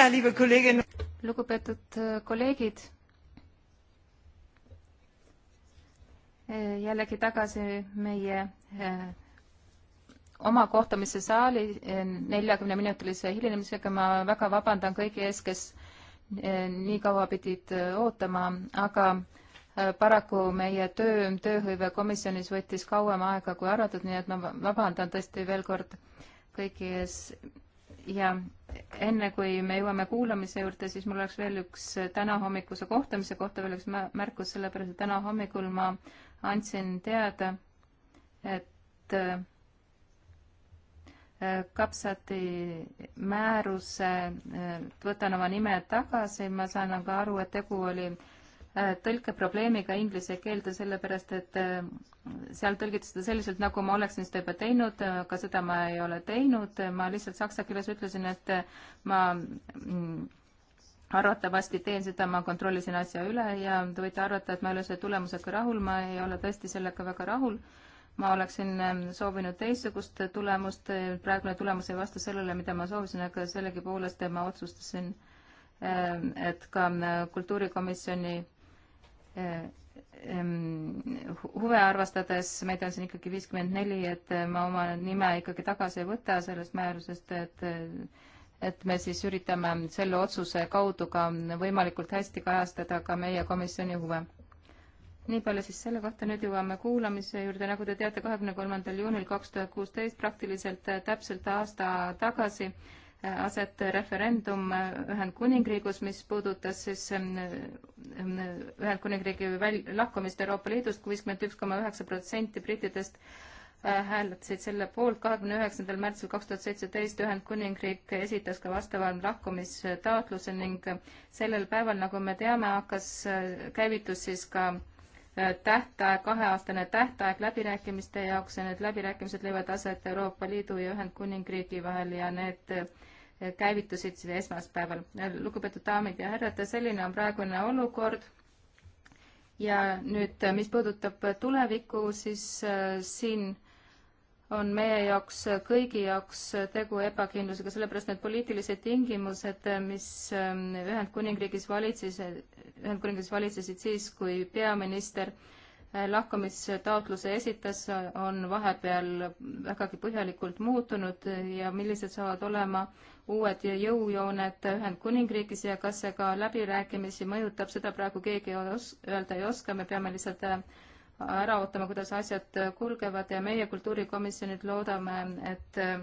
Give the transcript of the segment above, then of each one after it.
wieder, liebe Kolleginnen. lugupeetud äh, kolleegid. Äh, jällegi tagasi meie äh, oma kohtumise saali neljakümne minutilise hilinemisega. ma väga vabandan kõigi ees, kes nii kaua pidid ootama, aga paraku meie töö, tööhõive komisjonis võttis kauem aega kui arvatud, nii et ma vabandan tõesti veel kord kõigi ees ja enne kui me jõuame kuulamise juurde, siis mul oleks veel üks tänahommikuse kohtumise kohta veel üks märkus, sellepärast et täna hommikul ma andsin teada, et äh, kapsati määruse, äh, võtan oma nime tagasi, ma saan aga aru, et tegu oli äh, Äh, tõlkeprobleemiga inglise keelde, sellepärast et äh, seal tõlgiti seda selliselt, nagu ma oleksin seda juba teinud, äh, aga seda ma ei ole teinud, ma lihtsalt saksa keeles ütlesin, et ma mm, arvatavasti teen seda, ma kontrollisin asja üle ja te võite arvata, et ma ei ole selle tulemusega rahul, ma ei ole tõesti sellega väga rahul. ma oleksin soovinud teistsugust tulemust, praegune tulemus ei vasta sellele, mida ma soovisin, aga sellegipoolest ma otsustasin, et ka kultuurikomisjoni Äh, ähm, huve arvestades, meid on siin ikkagi viiskümmend neli, et äh, ma oma nime ikkagi tagasi ei võta sellest määrusest, et äh, et me siis üritame selle otsuse kaudu ka võimalikult hästi kajastada ka meie komisjoni huve. nii palju siis selle kohta, nüüd jõuame kuulamise juurde, nagu te teate, kahekümne kolmandal juunil kaks tuhat kuusteist, praktiliselt täpselt aasta tagasi äh, aset referendum Ühendkuningriigus, mis puudutas siis Ühendkuningriigi väl-, lahkumist Euroopa Liidust, kuuskümmend üks koma üheksa protsenti brittidest äh, hääletasid selle poolt. kahekümne üheksandal märtsil kaks tuhat seitseteist Ühendkuningriik esitas ka vastava lahkumistaotluse ning sellel päeval, nagu me teame, hakkas, äh, käivitus siis ka äh, tähtaeg, kaheaastane tähtaeg läbirääkimiste jaoks ja need läbirääkimised leiavad aset Euroopa Liidu ja Ühendkuningriigi vahel ja need käivitusid esmaspäeval. lugupeetud daamid ja härrad, selline on praegune olukord ja nüüd, mis puudutab tulevikku, siis äh, siin on meie jaoks, kõigi jaoks tegu ebakindlusega, sellepärast need poliitilised tingimused, mis äh, Ühendkuningriigis valitses, Ühendkuningriigis valitsesid siis, kui peaminister äh, lahkumistaotluse esitas, on vahepeal vägagi põhjalikult muutunud ja millised saavad olema äh, uued jõujooned Ühendkuningriigis ja kas see ka läbirääkimisi mõjutab, seda praegu keegi os-, öelda ei oska, me peame lihtsalt äh, ära ootama, kuidas asjad äh, kulgevad ja meie kultuurikomisjonid loodame, et äh,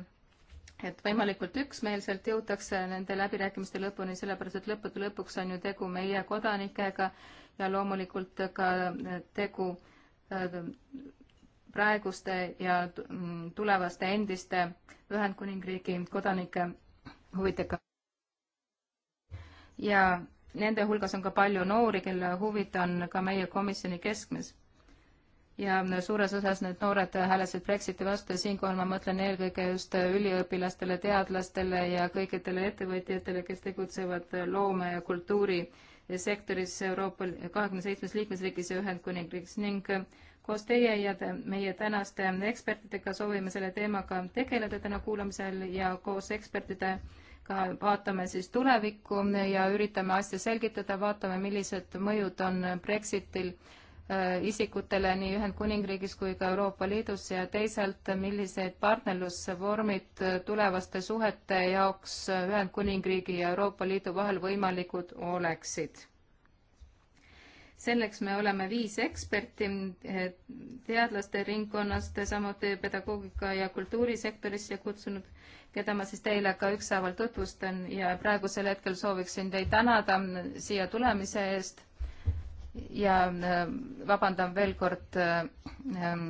et võimalikult üksmeelselt jõutakse nende läbirääkimiste lõpuni, sellepärast et lõppude lõpuks on ju tegu meie kodanikega ja loomulikult ka tegu praeguste ja mm, tulevaste endiste Ühendkuningriigi kodanike huvitega. ja nende hulgas on ka palju noori, kelle huvid on ka meie komisjoni keskmes. ja suures osas need noored hääletasid Brexiti vastu ja siinkohal ma mõtlen eelkõige just üliõpilastele, teadlastele ja kõikidele ettevõtjatele, kes tegutsevad loome- ja kultuurisektoris Euroopa kahekümne seitsmes liikmesriigis ja Ühendkuningriigis ning koos teie ja te, meie tänaste ekspertidega soovime selle teemaga tegeleda täna kuulamisel ja koos ekspertide äh, ka vaatame siis tulevikku ja üritame asja selgitada, vaatame, millised mõjud on Brexitil äh, isikutele nii Ühendkuningriigis kui ka Euroopa Liidus ja teisalt, millised partnerlusvormid äh, tulevaste suhete jaoks Ühendkuningriigi ja Euroopa Liidu vahel võimalikud oleksid. selleks me oleme viis eksperti äh, teadlaste ringkonnast, samuti pedagoogika ja kultuurisektorisse kutsunud keda ma siis teile ka ükshaaval tutvustan ja praegusel hetkel sooviksin teid tänada siia tulemise eest ja äh, vabandan veel kord äh, ähm,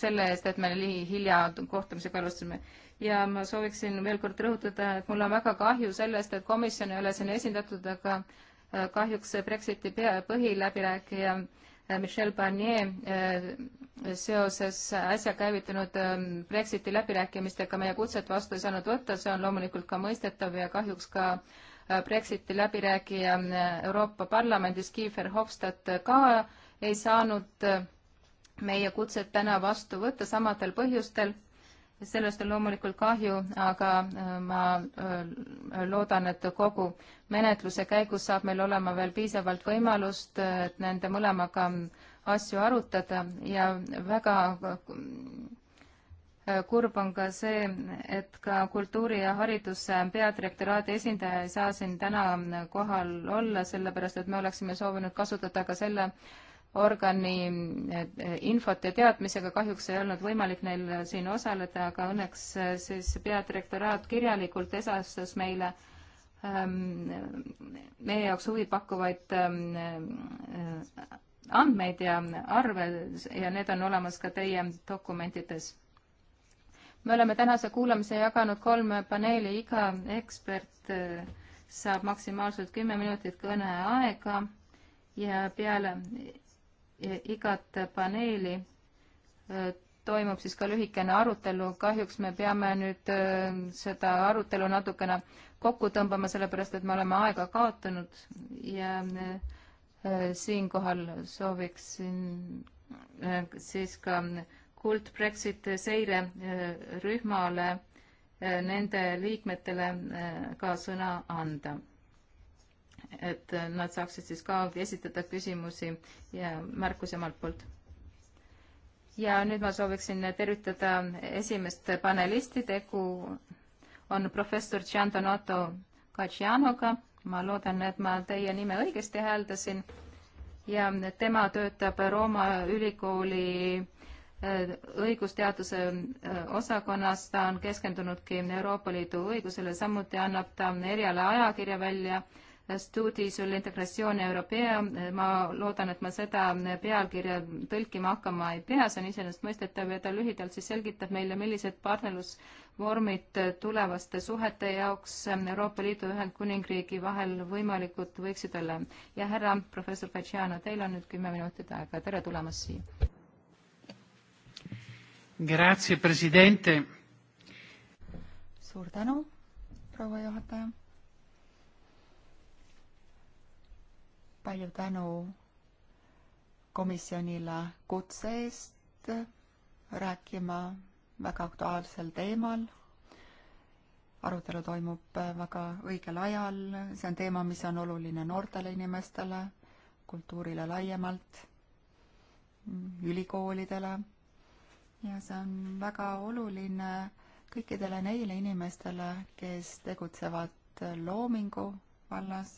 selle eest, et me nii hilja kohtumisega alustasime. ja ma sooviksin veel kord rõhutada, et mul on väga kahju sellest, et komisjon ei ole siin esindatud, aga äh, kahjuks Brexiti põhiläbirääkija Äh, Michel Barnier äh, seoses äsja käivitunud ähm, Brexiti läbirääkimistega meie kutset vastu ei saanud võtta, see on loomulikult ka mõistetav ja kahjuks ka äh, Brexiti läbirääkija Euroopa Parlamendis Kiefer Hofstadt ka ei saanud meie kutset täna vastu võtta samadel põhjustel sellest on loomulikult kahju, aga äh, ma äh, loodan, et kogu menetluse käigus saab meil olema veel piisavalt võimalust, et nende mõlemaga asju arutada ja väga äh, kurb on ka see, et ka kultuuri ja hariduse peadirektoraadi esindaja ei saa siin täna kohal olla, sellepärast et me oleksime soovinud kasutada ka selle äh, organi eh, infot ja teadmisega, kahjuks ei olnud võimalik neil siin osaleda, aga õnneks eh, siis peadirektoraat kirjalikult edastas meile ähm, meie jaoks huvipakkuvaid ähm, eh, andmeid ja arve ja need on olemas ka teie dokumentides. me oleme tänase kuulamise jaganud kolme paneeli, iga ekspert saab maksimaalselt kümme minutit kõneaega ja peale igat paneeli äh, toimub siis ka lühikene arutelu, kahjuks me peame nüüd äh, seda arutelu natukene kokku tõmbama, sellepärast et me oleme aega kaotanud ja äh, siinkohal sooviksin siis ka Kuld Brexit seirerühmale nende liikmetele ka sõna anda et nad saaksid siis ka esitada küsimusi ja märkusi omalt poolt. ja nüüd ma sooviksin tervitada esimest panelisti, tegu on professor Giandonato Caccianoga, ma loodan, et ma teie nime õigesti hääldasin ja tema töötab Rooma ülikooli äh, õigusteaduse äh, osakonnas, ta on keskendunudki Euroopa Liidu õigusele, samuti annab ta eriala ajakirja välja äh, studi sull'integratsioone europea, ma loodan, et ma seda pealkirja tõlkima hakkama ei pea, see on iseenesestmõistetav ja ta lühidalt siis selgitab meile, millised partnerlusvormid tulevaste suhete jaoks Euroopa Liidu ja Ühendkuningriigi vahel võimalikud võiksid olla. ja härra professor Katsiano, teil on nüüd kümme minutit aega, tere tulemast siia. Grazie, presidente. suur tänu, proua juhataja palju tänu komisjonile kutse eest rääkima väga aktuaalsel teemal. arutelu toimub väga õigel ajal, see on teema, mis on oluline noortele inimestele, kultuurile laiemalt, ülikoolidele ja see on väga oluline kõikidele neile inimestele, kes tegutsevad loomingu vallas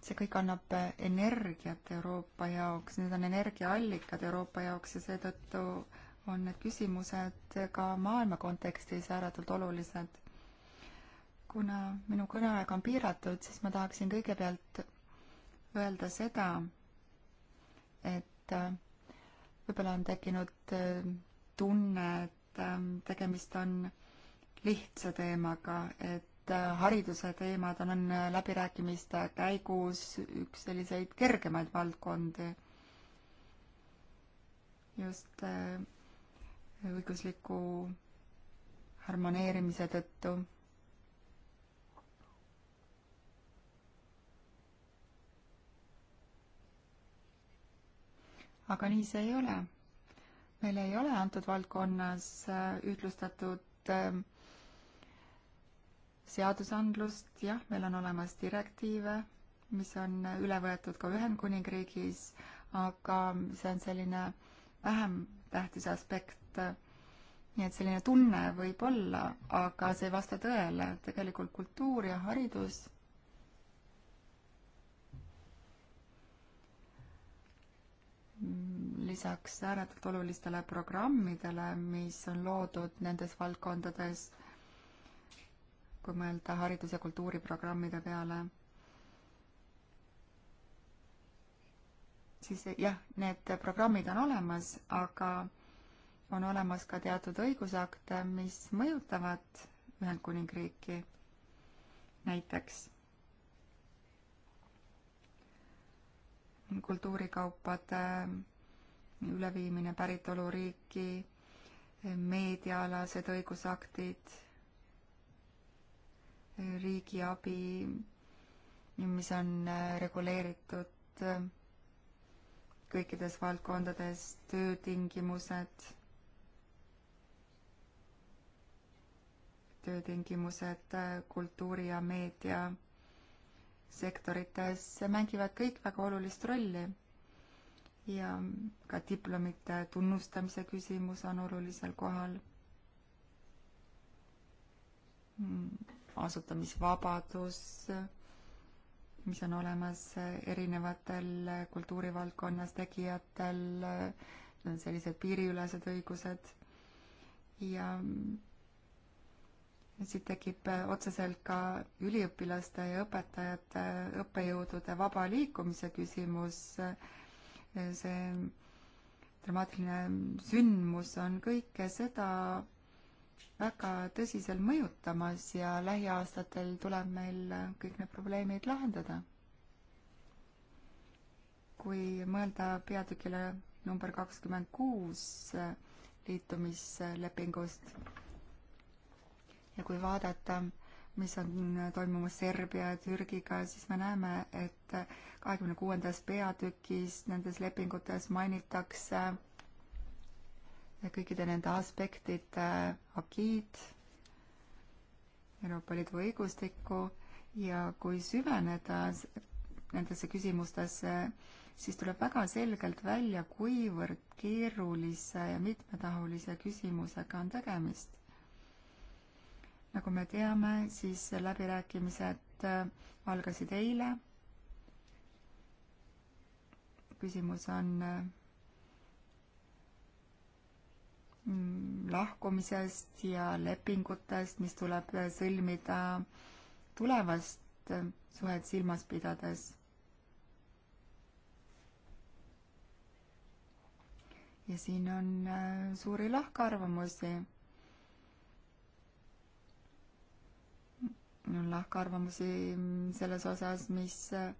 see kõik annab eh, energiat Euroopa jaoks, need on energiaallikad Euroopa jaoks ja seetõttu on need küsimused ka maailma kontekstis ääretult olulised. kuna minu kõneaeg on piiratud, siis ma tahaksin kõigepealt öelda seda, et eh, võib-olla on tekkinud eh, tunne, et tegemist on lihtsa teemaga, et Äh, hariduse teemad on äh, läbirääkimiste käigus üks selliseid kergemaid valdkondi. just äh, õigusliku harmoneerimise tõttu aga nii see ei ole. meil ei ole antud valdkonnas ühtlustatud seadusandlust, jah, meil on olemas direktiive, mis on üle võetud ka Ühendkuningriigis, aga see on selline vähem tähtis aspekt. nii et selline tunne võib olla, aga see ei vasta tõele, tegelikult kultuur ja haridus lisaks ääretult olulistele programmidele, mis on loodud nendes valdkondades kui mõelda haridus- ja kultuuriprogrammide peale, siis jah, need programmid on olemas, aga on olemas ka teatud õigusakte, mis mõjutavad Ühendkuningriiki näiteks kultuurikaupade üleviimine päritoluriiki, meediaalased õigusaktid riigiabi, mis on äh, reguleeritud äh, kõikides valdkondades, töötingimused, töötingimused äh, kultuuri ja meedia sektorites mängivad kõik väga olulist rolli. ja ka diplomite tunnustamise küsimus on olulisel kohal hmm asutamisvabadus, mis on olemas erinevatel kultuurivaldkonnas tegijatel, sellised piiriülesed õigused ja siit tekib otseselt ka üliõpilaste ja õpetajate, õppejõudude vaba liikumise küsimus. see dramaatiline sündmus on kõike seda väga tõsiselt mõjutamas ja lähiaastatel tuleb meil kõik need probleemid lahendada. kui mõelda peatükile number kakskümmend kuus liitumislepingust ja kui vaadata, mis on toimumas Serbia ja Türgiga, siis me näeme, et kahekümne kuuendas peatükis nendes lepingutes mainitakse äh, kõikide nende aspektide agiid, Euroopa Liidu õigustikku ja kui süveneda nendesse küsimustesse, siis tuleb väga selgelt välja, kuivõrd keerulise ja mitmetahulise küsimusega on tegemist. nagu me teame, siis läbirääkimised äh, algasid eile. küsimus on äh, Mm, lahkumisest ja lepingutest, mis tuleb sõlmida tulevast suhet silmas pidades. ja siin on äh, suuri lahkarvamusi. on lahkarvamusi selles osas, mis äh,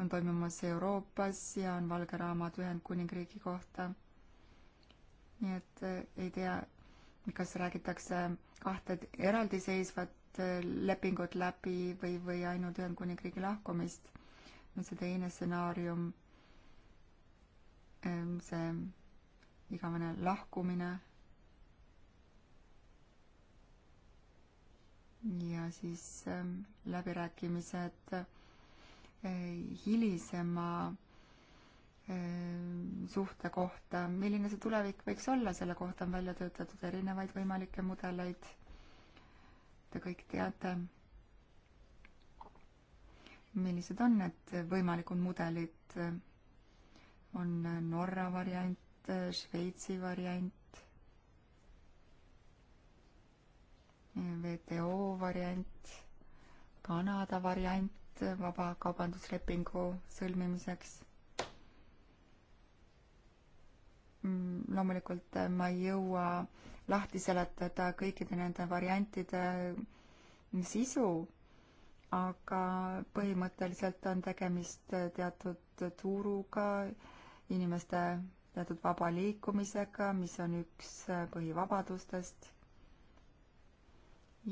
on toimumas Euroopas ja on valge raamat Ühendkuningriigi kohta nii et äh, ei tea, kas räägitakse kahte eraldiseisvat äh, lepingut läbi või, või ainult Ühendkuningriigi lahkumist. nüüd see teine stsenaarium, ähm, see igavene lahkumine. ja siis ähm, läbirääkimised äh, hilisema Äh, suhte kohta, milline see tulevik võiks olla, selle kohta on välja töötatud erinevaid võimalikke mudeleid. Te kõik teate, millised on need võimalikud mudelid. on Norra variant, Šveitsi variant, WTO variant, Kanada variant vabakaubanduslepingu sõlmimiseks Mm, loomulikult äh, ma ei jõua lahti seletada kõikide nende variantide äh, sisu, aga põhimõtteliselt on tegemist äh, teatud turuga, inimeste teatud vaba liikumisega, mis on üks põhivabadustest.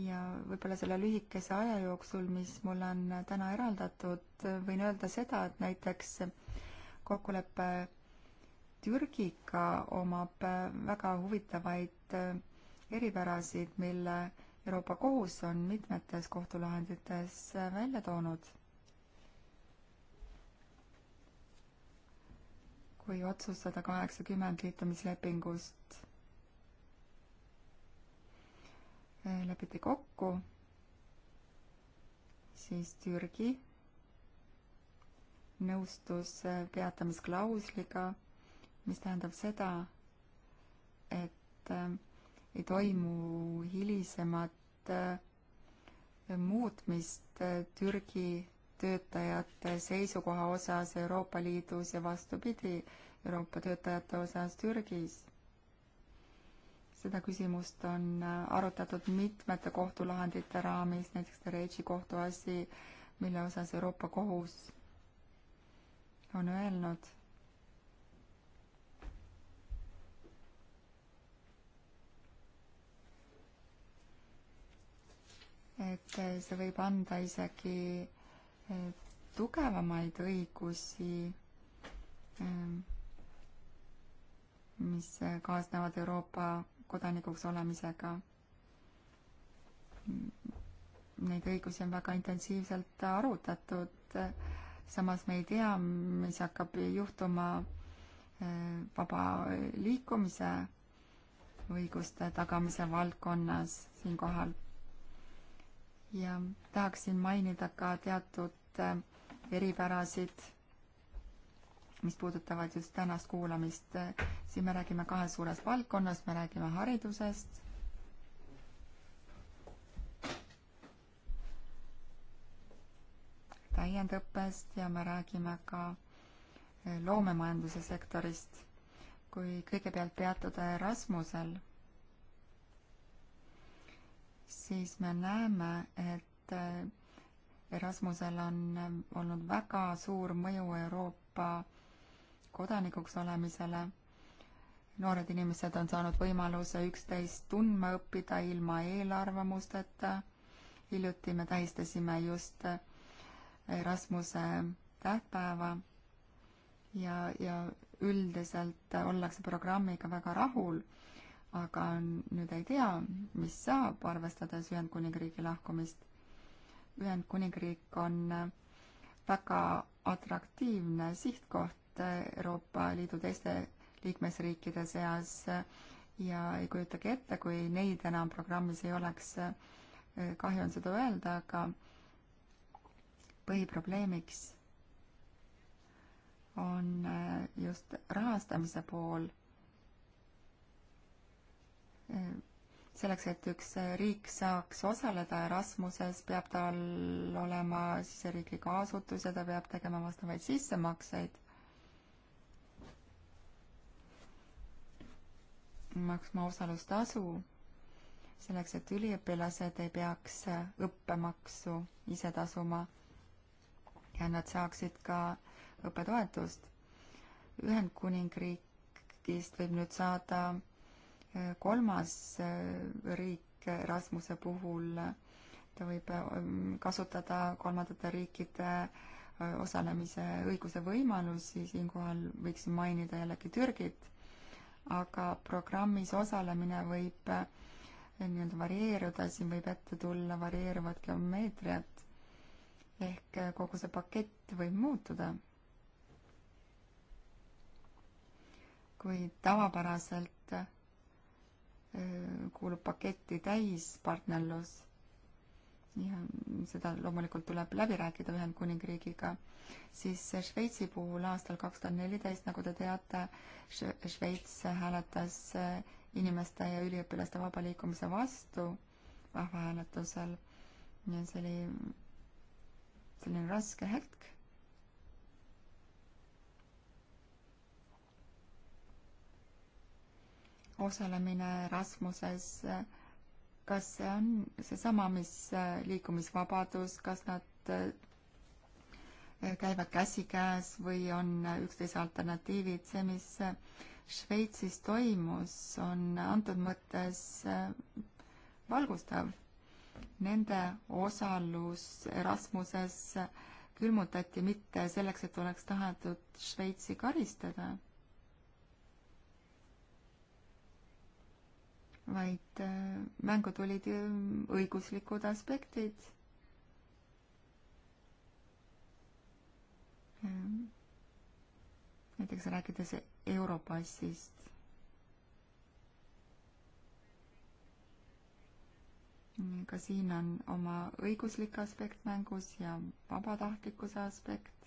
ja võib-olla selle lühikese aja jooksul, mis mul on täna eraldatud, võin öelda seda, et näiteks kokkulepe Türgiga omab äh, väga huvitavaid äh, eripärasid, mille Euroopa Kohus on mitmetes kohtulahendites äh, välja toonud. kui otsus sada kaheksakümmend liitumislepingust lepiti kokku, siis Türgi nõustus peatamisklausliga mis tähendab seda, et ähm, ei toimu hilisemat äh, muutmist äh, Türgi töötajate seisukoha osas Euroopa Liidus ja vastupidi, Euroopa töötajate osas Türgis. seda küsimust on äh, arutatud mitmete kohtulahendite raamis, näiteks Derechi kohtuasi, mille osas Euroopa Kohus on öelnud et äh, see võib anda isegi äh, tugevamaid õigusi, ähm, mis äh, kaasnevad Euroopa kodanikuks olemisega. Neid õigusi on väga intensiivselt arutatud, samas me ei tea, mis hakkab juhtuma vaba liikumise õiguste tagamise valdkonnas siinkohal ja tahaksin mainida ka teatud äh, eripärasid, mis puudutavad just tänast kuulamist. Äh, siin me räägime kahest suurest valdkonnast, me räägime haridusest. täiendõppest ja me räägime ka äh, loomemajanduse sektorist. kui kõigepealt peatuda Erasmusel siis me näeme, et äh, Erasmusel on äh, olnud väga suur mõju Euroopa kodanikuks olemisele. noored inimesed on saanud võimaluse üksteist tundma õppida ilma eelarvamusteta. hiljuti me tähistasime just äh, Erasmuse tähtpäeva ja, ja üldiselt ollakse programmiga väga rahul aga nüüd ei tea, mis saab, arvestades Ühendkuningriigi lahkumist. Ühendkuningriik on väga atraktiivne sihtkoht Euroopa Liidu teiste liikmesriikide seas ja ei kujutagi ette, kui neid enam programmis ei oleks, kahju on seda öelda, aga põhiprobleemiks on just rahastamise pool selleks, et üks riik saaks osaleda Erasmuses, peab tal olema siseriiklik asutus ja ta peab tegema vastavaid sissemakseid. maksma osalustasu, selleks et üliõpilased ei peaks õppemaksu ise tasuma ja nad saaksid ka õppetoetust. Ühendkuningriigist võib nüüd saada kolmas äh, riik Erasmuse puhul, äh, ta võib äh, kasutada kolmandate riikide osalemise õiguse võimalusi, siinkohal võiksin mainida jällegi Türgit, aga programmis osalemine võib nii-öelda varieeruda, siin võib ette tulla varieeruvat geomeetriat ehk kogu see pakett võib muutuda. kui tavapäraselt Äh, kuulub paketti täispartnerlus ja seda loomulikult tuleb läbi rääkida Ühendkuningriigiga, siis Šveitsi puhul aastal kaks tuhat neliteist, nagu te teate, Šveits hääletas äh, inimeste ja üliõpilaste vaba liikumise vastu rahvahääletusel. see oli selline raske hetk osalemine Rasmuses, kas see on seesama, mis äh, liikumisvabadus, kas nad äh, käivad käsikäes või on äh, üksteise alternatiivid, see, mis Šveitsis toimus, on antud mõttes valgustav. Nende osalus Erasmuses külmutati mitte selleks, et oleks tahetud Šveitsi karistada vaid äh, mängu tulid õiguslikud aspektid. Äh, näiteks rääkides Europassist. ka siin on oma õiguslik aspekt mängus ja vabatahtlikkuse aspekt.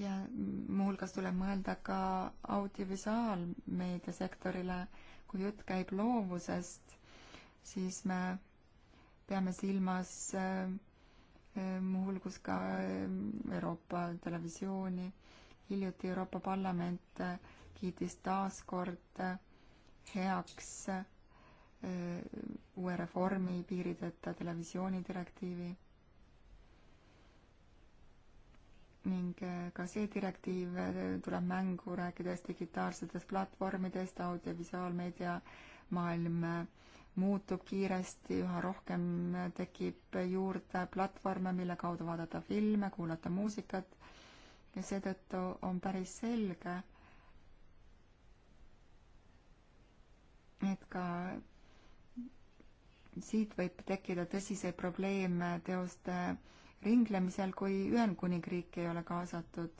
ja muuhulgas tuleb mõelda ka audiovisuaalmeediasektorile. kui jutt käib loovusest, siis me peame silmas äh, äh, muuhulgas ka äh, Euroopa televisiooni. hiljuti Euroopa Parlament kiitis taas kord heaks uue reformi piirideta televisioonidirektiivi ning äh, ka see direktiiv äh, tuleb mängu, rääkides digitaalsetest platvormidest, audiovisuaalmeedia maailm äh, muutub kiiresti, üha rohkem tekib juurde platvorme, mille kaudu vaadata filme, kuulata muusikat ja seetõttu on päris selge, et ka siit võib tekkida tõsiseid probleeme teoste ringlemisel, kui Ühendkuningriik ei ole kaasatud.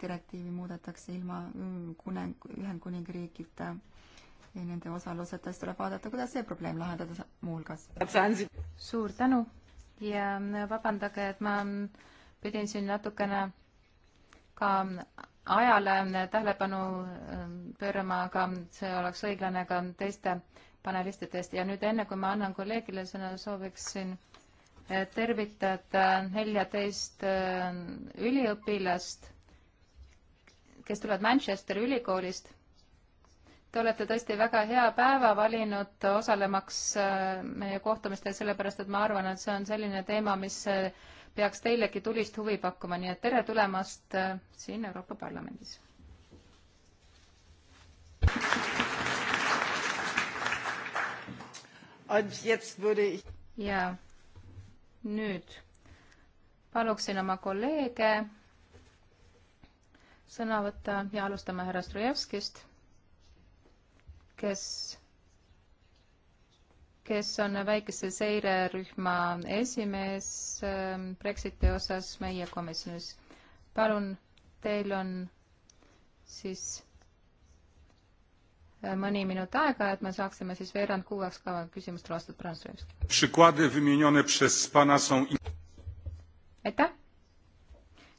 direktiivi muudetakse ilma Ühendkuningriigita ja nende osaluseta, siis tuleb vaadata, kuidas see probleem lahendada muuhulgas. suur tänu ja vabandage, et ma pidin siin natukene ka ajale tähelepanu ähm, pöörama, aga see oleks õiglane ka teiste äh, panelistidest ja nüüd enne, kui ma annan kolleegile sõna, sooviksin eh, tervitada eh, neljateist eh, üliõpilast, kes tulevad Manchesteri ülikoolist. Te olete tõesti väga hea päeva valinud osalemaks meie kohtumistel, sellepärast et ma arvan, et see on selline teema, mis peaks teilegi tulist huvi pakkuma, nii et tere tulemast siin Euroopa Parlamendis ja nüüd paluksin oma kolleege sõna võtta ja alustame härra Strujevskist, kes, kes on väikese seirerühma esimees ähm, Brexiti osas meie komisjonis. palun, teil on siis Äh, mõni minut aega, et me saaksime siis veerand kuueks ka küsimustele vastata Prantsusmaalt. aitäh!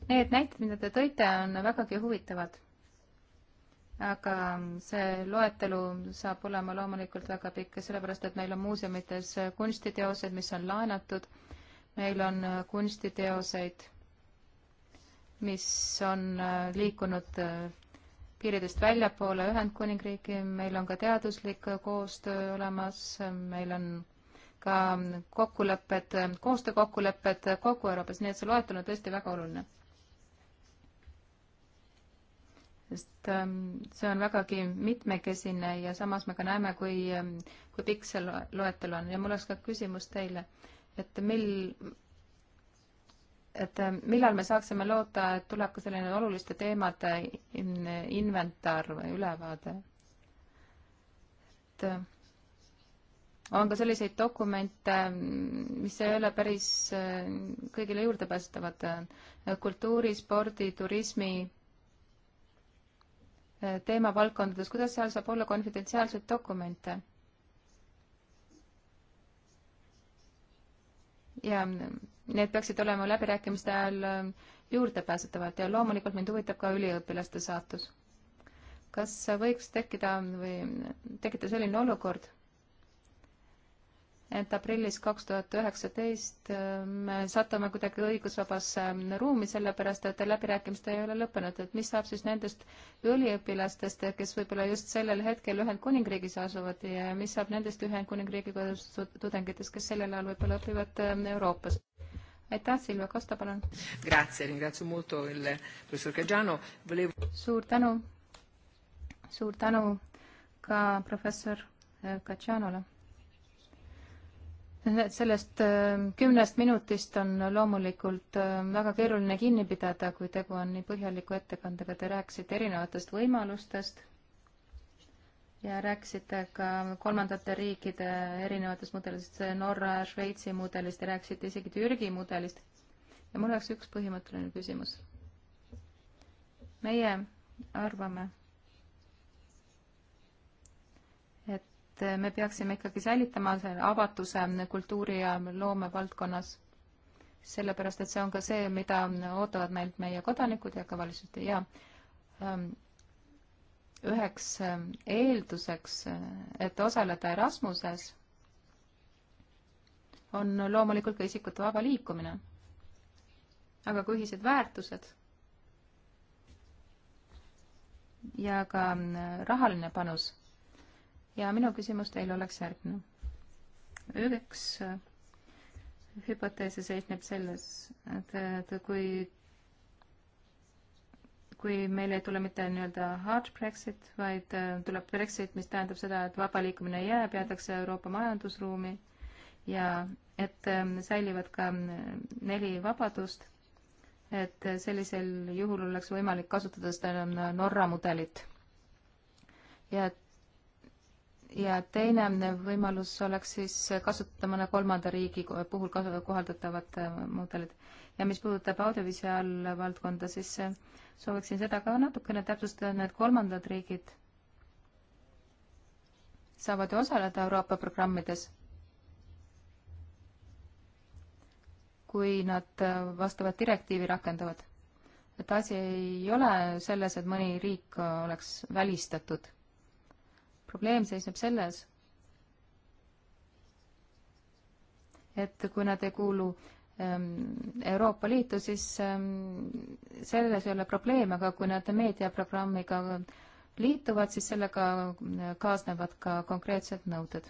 Need näited, mida te tõite, on vägagi huvitavad. aga see loetelu saab olema loomulikult väga pikk, sellepärast et meil on muuseumites kunstiteosed, mis on laenatud, meil on kunstiteoseid, mis on äh, liikunud äh, piiridest väljapoole Ühendkuningriigi, meil on ka teaduslik koostöö olemas, meil on ka kokkulepped, koostöökokkulepped kogu Euroopas, nii et see loetelu on tõesti väga oluline. sest ähm, see on vägagi mitmekesine ja samas me ka näeme, kui, ähm, kui pikk see loetelu on ja mul oleks ka küsimus teile, et mil, et äh, millal me saaksime loota, et tuleb ka selline oluliste teemade inventar või ülevaade? et äh, on ka selliseid dokumente, mis ei ole päris äh, kõigile juurdepääsetavad, kultuuri, spordi, turismi teemavaldkondades, kuidas seal saab olla konfidentsiaalseid dokumente? ja need peaksid olema läbirääkimiste ajal äh, juurdepääsetavad ja loomulikult mind huvitab ka üliõpilaste saatus. kas võiks tekkida või tekkida selline olukord, et aprillis kaks tuhat üheksateist äh, me satume kuidagi õigusvabasse äh, ruumi, sellepärast et läbirääkimised ei ole lõppenud, et mis saab siis nendest üliõpilastest, kes võib-olla just sellel hetkel Ühendkuningriigis asuvad ja mis saab nendest Ühendkuningriigi tudengitest, kes sellel ajal võib-olla õpivad Euroopas? aitäh, Silvia Kosta, palun. suur tänu, suur tänu ka professor Kajanole. Eh, sellest eh, kümnest minutist on loomulikult eh, väga keeruline kinni pidada, kui tegu on nii põhjaliku ettekandega, te rääkisite erinevatest võimalustest ja rääkisite ka kolmandate riikide erinevatest mudelist, Norra, Šveitsi mudelist ja rääkisite isegi Türgi mudelist. ja mul oleks üks põhimõtteline küsimus. meie arvame, et me peaksime ikkagi säilitama selle avatuse kultuuri ja loome valdkonnas, sellepärast et see on ka see, mida ootavad meilt meie kodanikud ja ka valitsused ja ähm, üheks ähm, eelduseks, äh, et osaleda Erasmuses, on loomulikult ka isikute vaba liikumine. aga ka ühised väärtused ja ka ähm, rahaline panus. ja minu küsimus teile oleks järgmine. üks äh, hüpoteese seisneb selles, et, et kui kui meil ei tule mitte nii-öelda hard Brexit, vaid äh, tuleb Brexit, mis tähendab seda, et vaba liikumine jääb, jäädakse Euroopa majandusruumi ja et ähm, säilivad ka äh, neli vabadust, et äh, sellisel juhul oleks võimalik kasutada seda Norra mudelit. ja et ja teine võimalus oleks siis kasutada mõne kolmanda riigi puhul kohaldatavat äh, mudelit. ja mis puudutab audiovisuaalvaldkonda, siis äh, sooviksin seda ka natukene täpsustada, need kolmandad riigid saavad ju osaleda Euroopa programmides, kui nad äh, vastavat direktiivi rakendavad. et asi ei ole selles, et mõni riik oleks välistatud probleem seisneb selles, et kui nad ei kuulu ähm, Euroopa Liitu, siis ähm, selles ei ole probleemi, aga kui nad meediaprogrammiga liituvad, siis sellega äh, kaasnevad ka konkreetsed nõuded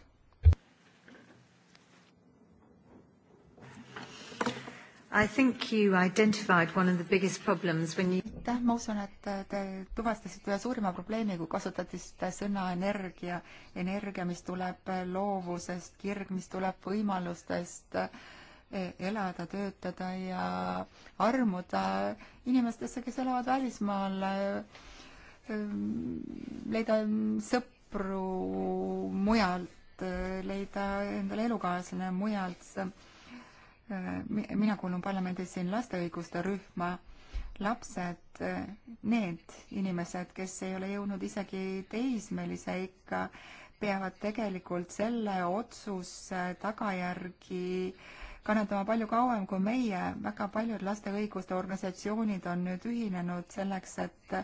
I think you identified one of the biggest problems when you aitäh, ma usun, et äh, te tuvastasite ühe suurima probleemi, kui kasutasite sõna energia. energia, mis tuleb äh, loovusest, kirg, mis tuleb võimalustest äh, elada, töötada ja armuda inimestesse, kes elavad välismaal, leida sõpru mujalt, leida endale elukaaslane mujalt mina kuulun parlamendis siin laste õiguste rühma, lapsed, need inimesed, kes ei ole jõudnud isegi teismelise ikka, peavad tegelikult selle otsuse tagajärgi kannatama palju kauem kui meie. väga paljud laste õiguste organisatsioonid on nüüd ühinenud selleks, et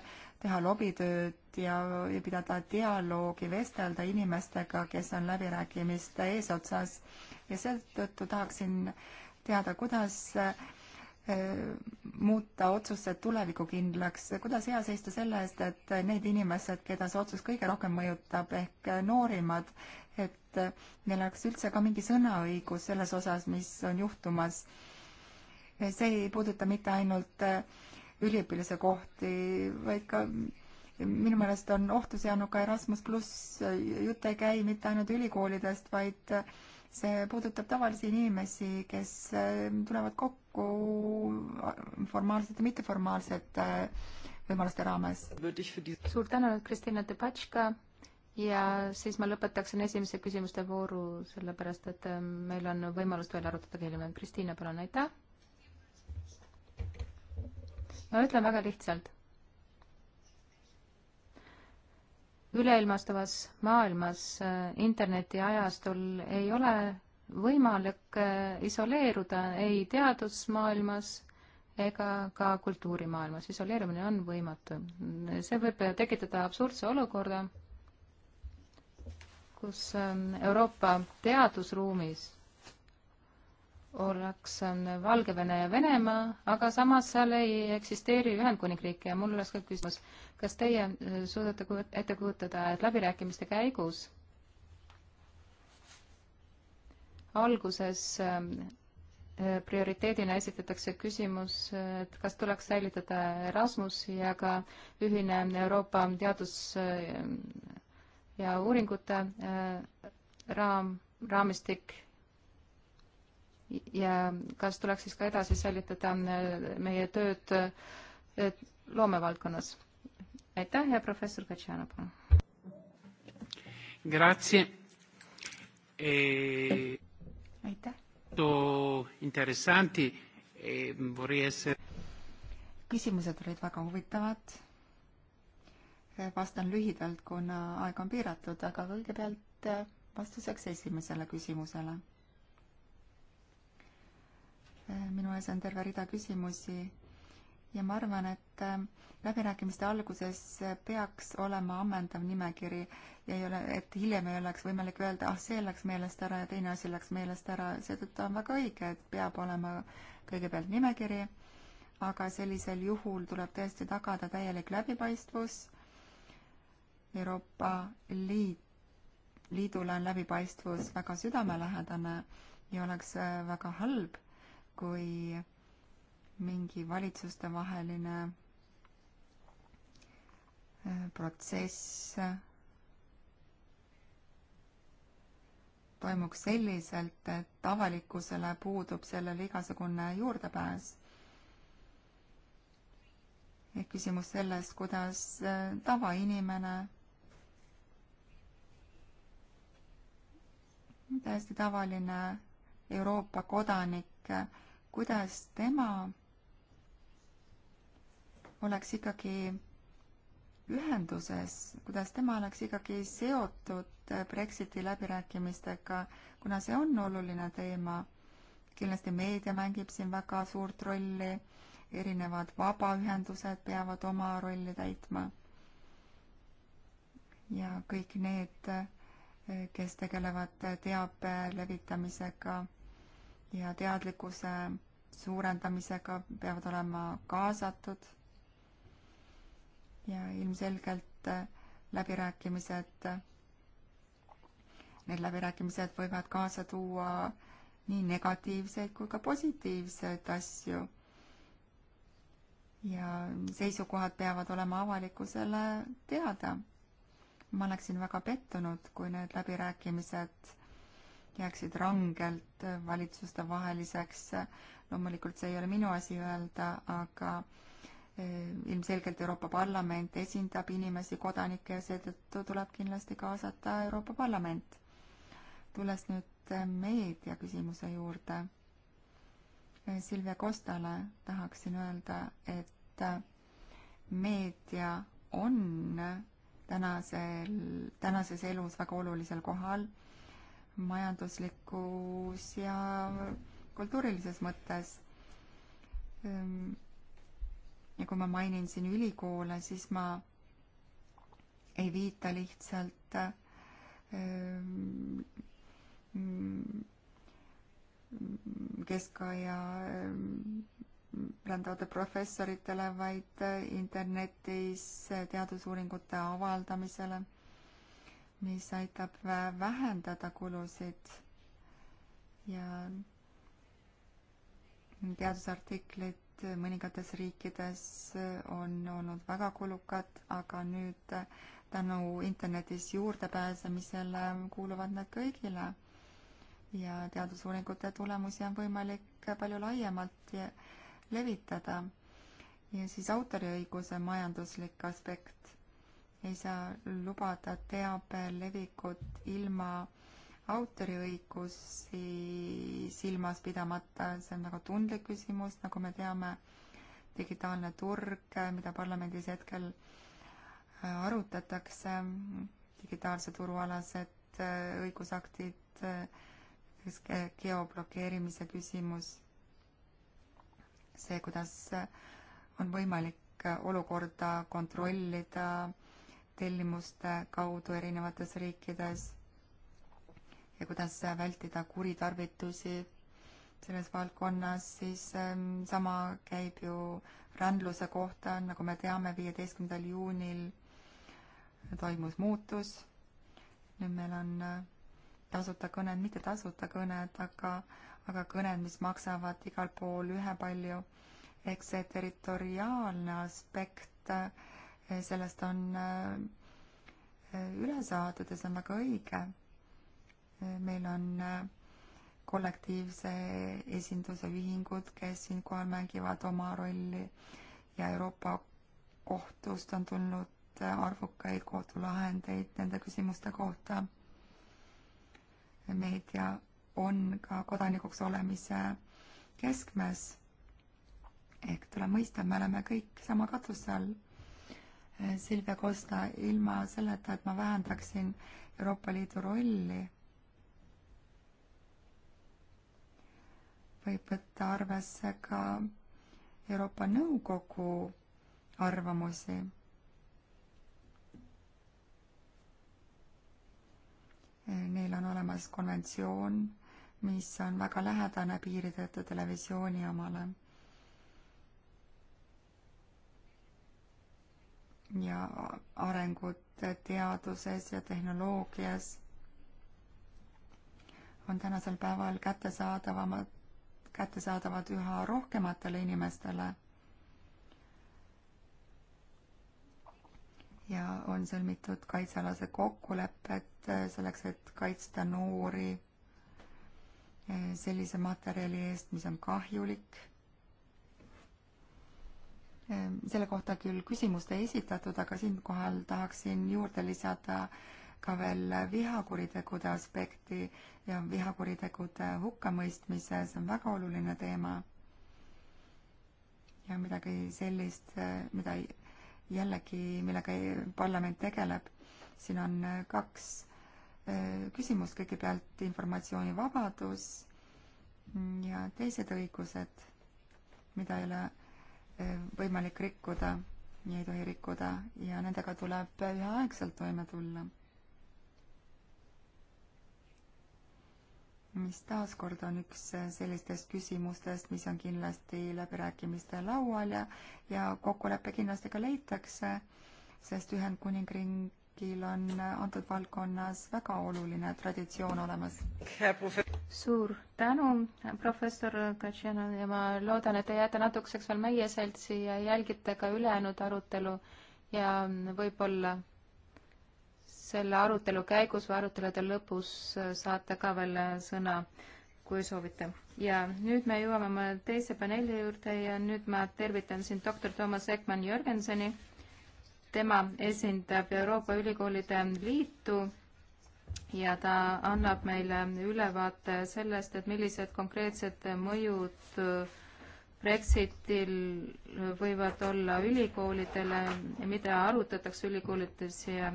teha lobitööd ja, ja pidada dialoogi, vestelda inimestega, kes on läbirääkimiste eesotsas. ja seetõttu tahaksin äh, teada, kuidas äh, muuta otsused tulevikukindlaks, kuidas hea seista selle eest, et need inimesed, keda see otsus kõige rohkem mõjutab, ehk noorimad, et neil oleks üldse ka mingi sõnaõigus selles osas, mis on juhtumas. see ei puuduta mitte ainult äh, üliõpilase kohti, vaid ka minu meelest on ohtu seadnud ka Erasmus pluss, äh, jutt ei käi mitte ainult ülikoolidest, vaid see puudutab tavalisi inimesi, kes äh, tulevad kokku formaalsete, mitteformaalsete äh, võimaluste raames. suur tänu, Kristina Tepatška ja siis ma lõpetaksin esimese küsimuste vooru, sellepärast et äh, meil on võimalust veel arutada ka hiljem. Kristiina, palun, aitäh! ma ütlen väga lihtsalt üleilmastavas maailmas äh, internetiajastul ei ole võimalik äh, isoleeruda ei teadusmaailmas ega ka kultuurimaailmas. isoleerumine on võimatu. see võib tekitada absurdse olukorda, kus ähm, Euroopa teadusruumis oleks Valgevene ja Venemaa, aga samas seal ei eksisteeri Ühendkuningriiki ja mul oleks ka küsimus, kas teie äh, suudate ette kujutada, et läbirääkimiste käigus alguses ähm, äh, prioriteedina esitatakse küsimus, et kas tuleks säilitada Erasmus ja ka ühine Euroopa teadus- äh, ja uuringute raam, raamistik ja kas tuleks siis ka edasi säilitada äh, meie tööd äh, loomevaldkonnas? aitäh ja professor Katšana, palun. Grazie e.... aitäh. Interessanti e,, vorrei essere. küsimused olid väga huvitavad. vastan lühidalt, kuna aeg on piiratud, aga kõigepealt äh, vastuseks esimesele küsimusele minu ees on terve rida küsimusi ja ma arvan, et äh, läbirääkimiste alguses peaks olema ammendav nimekiri ja ei ole, et hiljem ei oleks võimalik öelda, ah, see läks meelest ära ja teine asi läks meelest ära, seetõttu on väga õige, et peab olema kõigepealt nimekiri, aga sellisel juhul tuleb tõesti tagada täielik läbipaistvus. Euroopa Liit, Liidule on läbipaistvus väga südamelähedane ja oleks äh, väga halb, kui mingi valitsustevaheline äh, protsess toimuks selliselt, et avalikkusele puudub sellele igasugune juurdepääs. ehk küsimus sellest, kuidas äh, tavainimene, täiesti tavaline Euroopa kodanik äh, kuidas tema oleks ikkagi ühenduses, kuidas tema oleks ikkagi seotud Brexiti läbirääkimistega, kuna see on oluline teema. kindlasti meedia mängib siin väga suurt rolli, erinevad vabaühendused peavad oma rolli täitma. ja kõik need, kes tegelevad teabe levitamisega ja teadlikkuse suurendamisega peavad olema kaasatud ja ilmselgelt äh, läbirääkimised, need läbirääkimised võivad kaasa tuua nii negatiivseid kui ka positiivseid asju. ja seisukohad peavad olema avalikkusele teada. ma oleksin väga pettunud, kui need läbirääkimised jääksid rangelt valitsuste vaheliseks. loomulikult see ei ole minu asi öelda, aga eh, ilmselgelt Euroopa Parlament esindab inimesi, kodanikke ja seetõttu tuleb kindlasti kaasata Euroopa Parlament. tulles nüüd eh, meedia küsimuse juurde, eh, Silvia Kostale tahaksin öelda, et meedia on tänasel, tänases elus väga olulisel kohal majanduslikus ja kultuurilises mõttes. Ehm, ja kui ma mainin siin ülikoole, siis ma ei viita lihtsalt ehm, keskaja ehm, rändavate professoritele, vaid internetis teadusuuringute avaldamisele mis aitab vähendada kulusid ja teadusartiklid mõningates riikides on olnud väga kulukad, aga nüüd tänu internetis juurdepääsemisele kuuluvad nad kõigile. ja teadusuuringute tulemusi on võimalik palju laiemalt levitada. ja siis autoriõiguse majanduslik aspekt ei saa lubada teabe levikut ilma autoriõigusi silmas pidamata, see on väga tundlik küsimus, nagu me teame, digitaalne turg, mida parlamendis hetkel äh, arutatakse, digitaalse turu alased äh, õigusaktid, näiteks äh, geoblokeerimise küsimus, see, kuidas on võimalik olukorda kontrollida tellimuste kaudu erinevates riikides ja kuidas vältida kuritarvitusi selles valdkonnas, siis ähm, sama käib ju rändluse kohta, nagu me teame, viieteistkümnendal juunil toimus muutus. nüüd meil on äh, tasuta kõned, mitte tasuta kõned, aga, aga kõned, mis maksavad igal pool ühepalju. eks see territoriaalne aspekt äh, Eh, sellest on eh, eh, üle saadud ja see on väga õige. meil on kollektiivse esinduse ühingud, kes siinkohal mängivad oma rolli ja Euroopa kohtust on tulnud arvukaid kohtulahendeid nende küsimuste kohta. meedia on ka kodanikuks olemise keskmes. ehk tuleb mõista, et me oleme kõik sama katuse all Silvia Costa ilma selleta, et ma vähendaksin Euroopa Liidu rolli, võib võtta arvesse ka Euroopa Nõukogu arvamusi. Neil on olemas konventsioon, mis on väga lähedane piirideta televisiooni omale ja arengud teaduses ja tehnoloogias on tänasel päeval kättesaadavamad, kättesaadavad üha rohkematele inimestele ja on sõlmitud kaitsealased kokkulepped selleks, et kaitsta noori sellise materjali eest, mis on kahjulik Ehm, selle kohta küll küsimust ei esitatud, aga siinkohal tahaksin juurde lisada ka veel vihakuritegude aspekti ja vihakuritegude hukkamõistmise, see on väga oluline teema. ja midagi sellist, eh, mida jällegi, millega parlament tegeleb. siin on eh, kaks eh, küsimust, kõigepealt informatsioonivabadus ja teised õigused, mida ei ole võimalik rikkuda ja ei tohi rikkuda ja nendega tuleb üheaegselt toime tulla. mis taaskord on üks sellistest küsimustest, mis on kindlasti läbirääkimiste laual ja, ja kokkulepe kindlasti ka leitakse, sest Ühendkuningriik Slovakkiil on antud valdkonnas väga oluline traditsioon olemas. suur tänu, professor Katšina ja ma loodan, et te jääte natukeseks veel meie seltsi ja jälgite ka ülejäänud arutelu ja võib-olla selle arutelu käigus või arutelude lõpus saate ka veel sõna, kui soovite. ja nüüd me jõuame oma teise paneeli juurde ja nüüd ma tervitan siin doktor Toomas Ekman Jürgenseni tema esindab Euroopa Ülikoolide Liitu ja ta annab meile ülevaate sellest, et millised konkreetsed mõjud Brexitil võivad olla ülikoolidele, mida arutatakse ülikoolides ja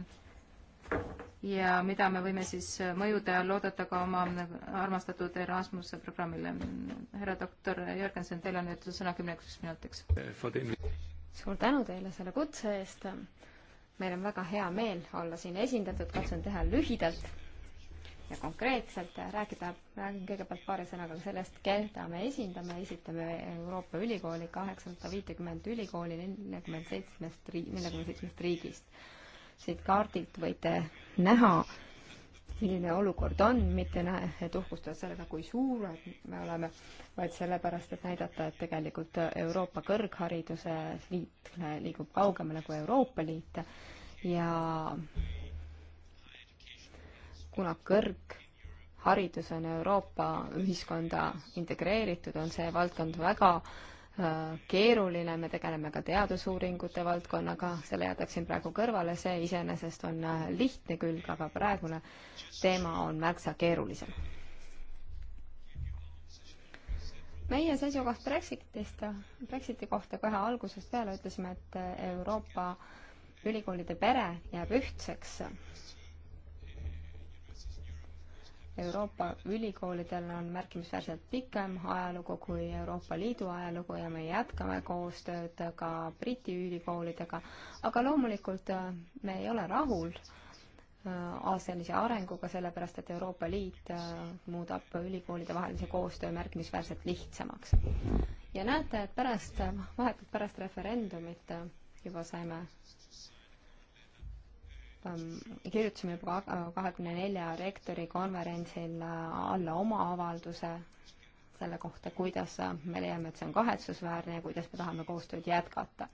ja mida me võime siis mõjude all oodata ka oma armastatud Erasmuse programmile. härra doktor Jörgenson, teil on nüüd sõna kümneks minutiks suur tänu teile selle kutse eest. meil on väga hea meel olla siin esindatud, katsun teha lühidalt ja konkreetselt rääkida, räägin kõigepealt paari sõnaga sellest, keda me esindame, esitame Euroopa ülikooli kaheksasada viitekümmet ülikooli neljakümmend seitsmest, neljakümne seitsmest riigist. siit kaardilt võite näha, milline olukord on, mitte näe, et uhkustada sellega, kui suured me oleme, vaid sellepärast, et näidata, et tegelikult Euroopa Kõrghariduse Liit liigub kaugemale kui Euroopa Liit ja kuna kõrgharidus on Euroopa ühiskonda integreeritud, on see valdkond väga Äh, keeruline, me tegeleme ka teadusuuringute valdkonnaga, selle jätaksin praegu kõrvale, see iseenesest on äh, lihtne külg, aga praegune teema on märksa keerulisem. meie seisukoht Brexitist, Brexiti kohta kohe algusest peale ütlesime, et Euroopa ülikoolide pere jääb ühtseks Euroopa ülikoolidel on märkimisväärselt pikem ajalugu kui Euroopa Liidu ajalugu ja me jätkame koostööd ka Briti ülikoolidega, aga loomulikult äh, me ei ole rahul äh, sellise arenguga, sellepärast et Euroopa Liit äh, muudab ülikoolide vahelise koostöö märkimisväärselt lihtsamaks. ja näete, et pärast, vahetult pärast referendumit juba saime Ehm, kirjutasime juba äh, kahekümne nelja rektori konverentsil äh, alla oma avalduse selle kohta, kuidas äh, me leiame, et see on kahetsusväärne ja kuidas me tahame koostööd jätkata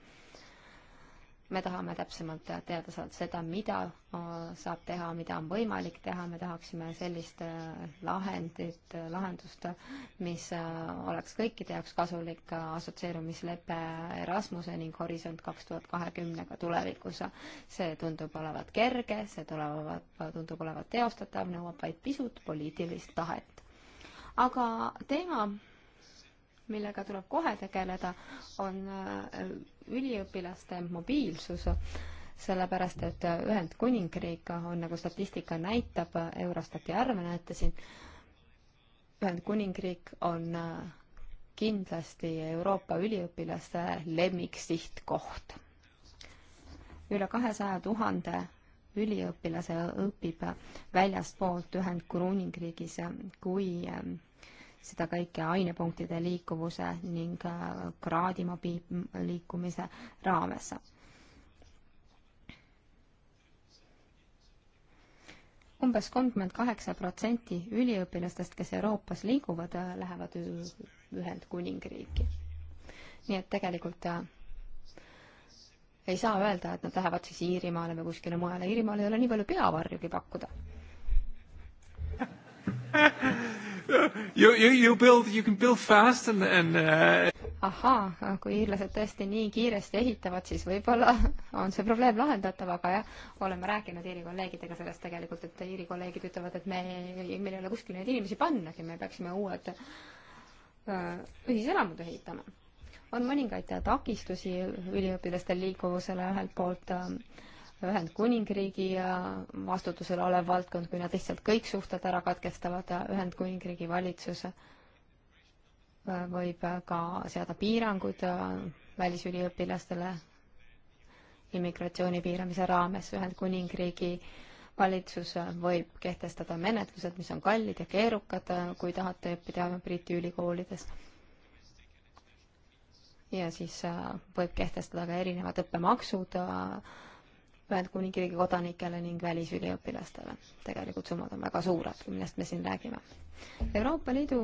me tahame täpsemalt teada saada seda, mida äh, saab teha, mida on võimalik teha, me tahaksime sellist äh, lahendit, äh, lahendust, mis oleks kõikide jaoks kasulik, assotsieerumislepe Erasmuse ning Horisont kaks tuhat kahekümnega tulevikus. see tundub olevat kerge, see tulevat, tundub olevat teostatav, nõuab vaid pisut poliitilist tahet. aga teema millega tuleb kohe tegeleda, on äh, üliõpilaste mobiilsus, sellepärast et Ühendkuningriik on, nagu statistika näitab, Eurostati arve näete siin, Ühendkuningriik on äh, kindlasti Euroopa üliõpilaste lemmiksihtkoht. üle kahesaja tuhande üliõpilase õpib väljaspoolt Ühendkuningriigis, kui äh, seda kõike ainepunktide liikuvuse ning äh, kraadima liikumise raames. umbes kolmkümmend kaheksa protsenti üliõpilastest, kes Euroopas liiguvad, äh, lähevad Ühendkuningriiki. nii et tegelikult äh, ei saa öelda, et nad lähevad siis Iirimaale või kuskile mujale, Iirimaal ei ole nii palju peavarjugi pakkuda You, you, you build, you can build fast and, and uh... ahaa, kui iirlased tõesti nii kiiresti ehitavad, siis võib-olla on see probleem lahendatav, aga jah, oleme rääkinud Iiri kolleegidega sellest tegelikult, et Iiri kolleegid ütlevad, et me, meil ei ole kuskil neid inimesi pannagi, me peaksime uued äh, ühiselamud ehitama. on mõningaid takistusi üliõpilastel liikuvusele ühelt poolt äh, Ühendkuningriigi vastutusel olev valdkond, kui nad lihtsalt kõik suhted ära katkestavad, Ühendkuningriigi valitsus äh, võib äh, ka seada piirangud äh, välisüliõpilastele immigratsiooni piiramise raames, Ühendkuningriigi valitsus võib kehtestada menetlused, mis on kallid ja keerukad, kui tahate õppida Briti ülikoolides. ja siis võib kehtestada ka erinevad õppemaksud Ühendkuningriigi kodanikele ning välisüliõpilastele. tegelikult summad on väga suured, millest me siin räägime. Euroopa Liidu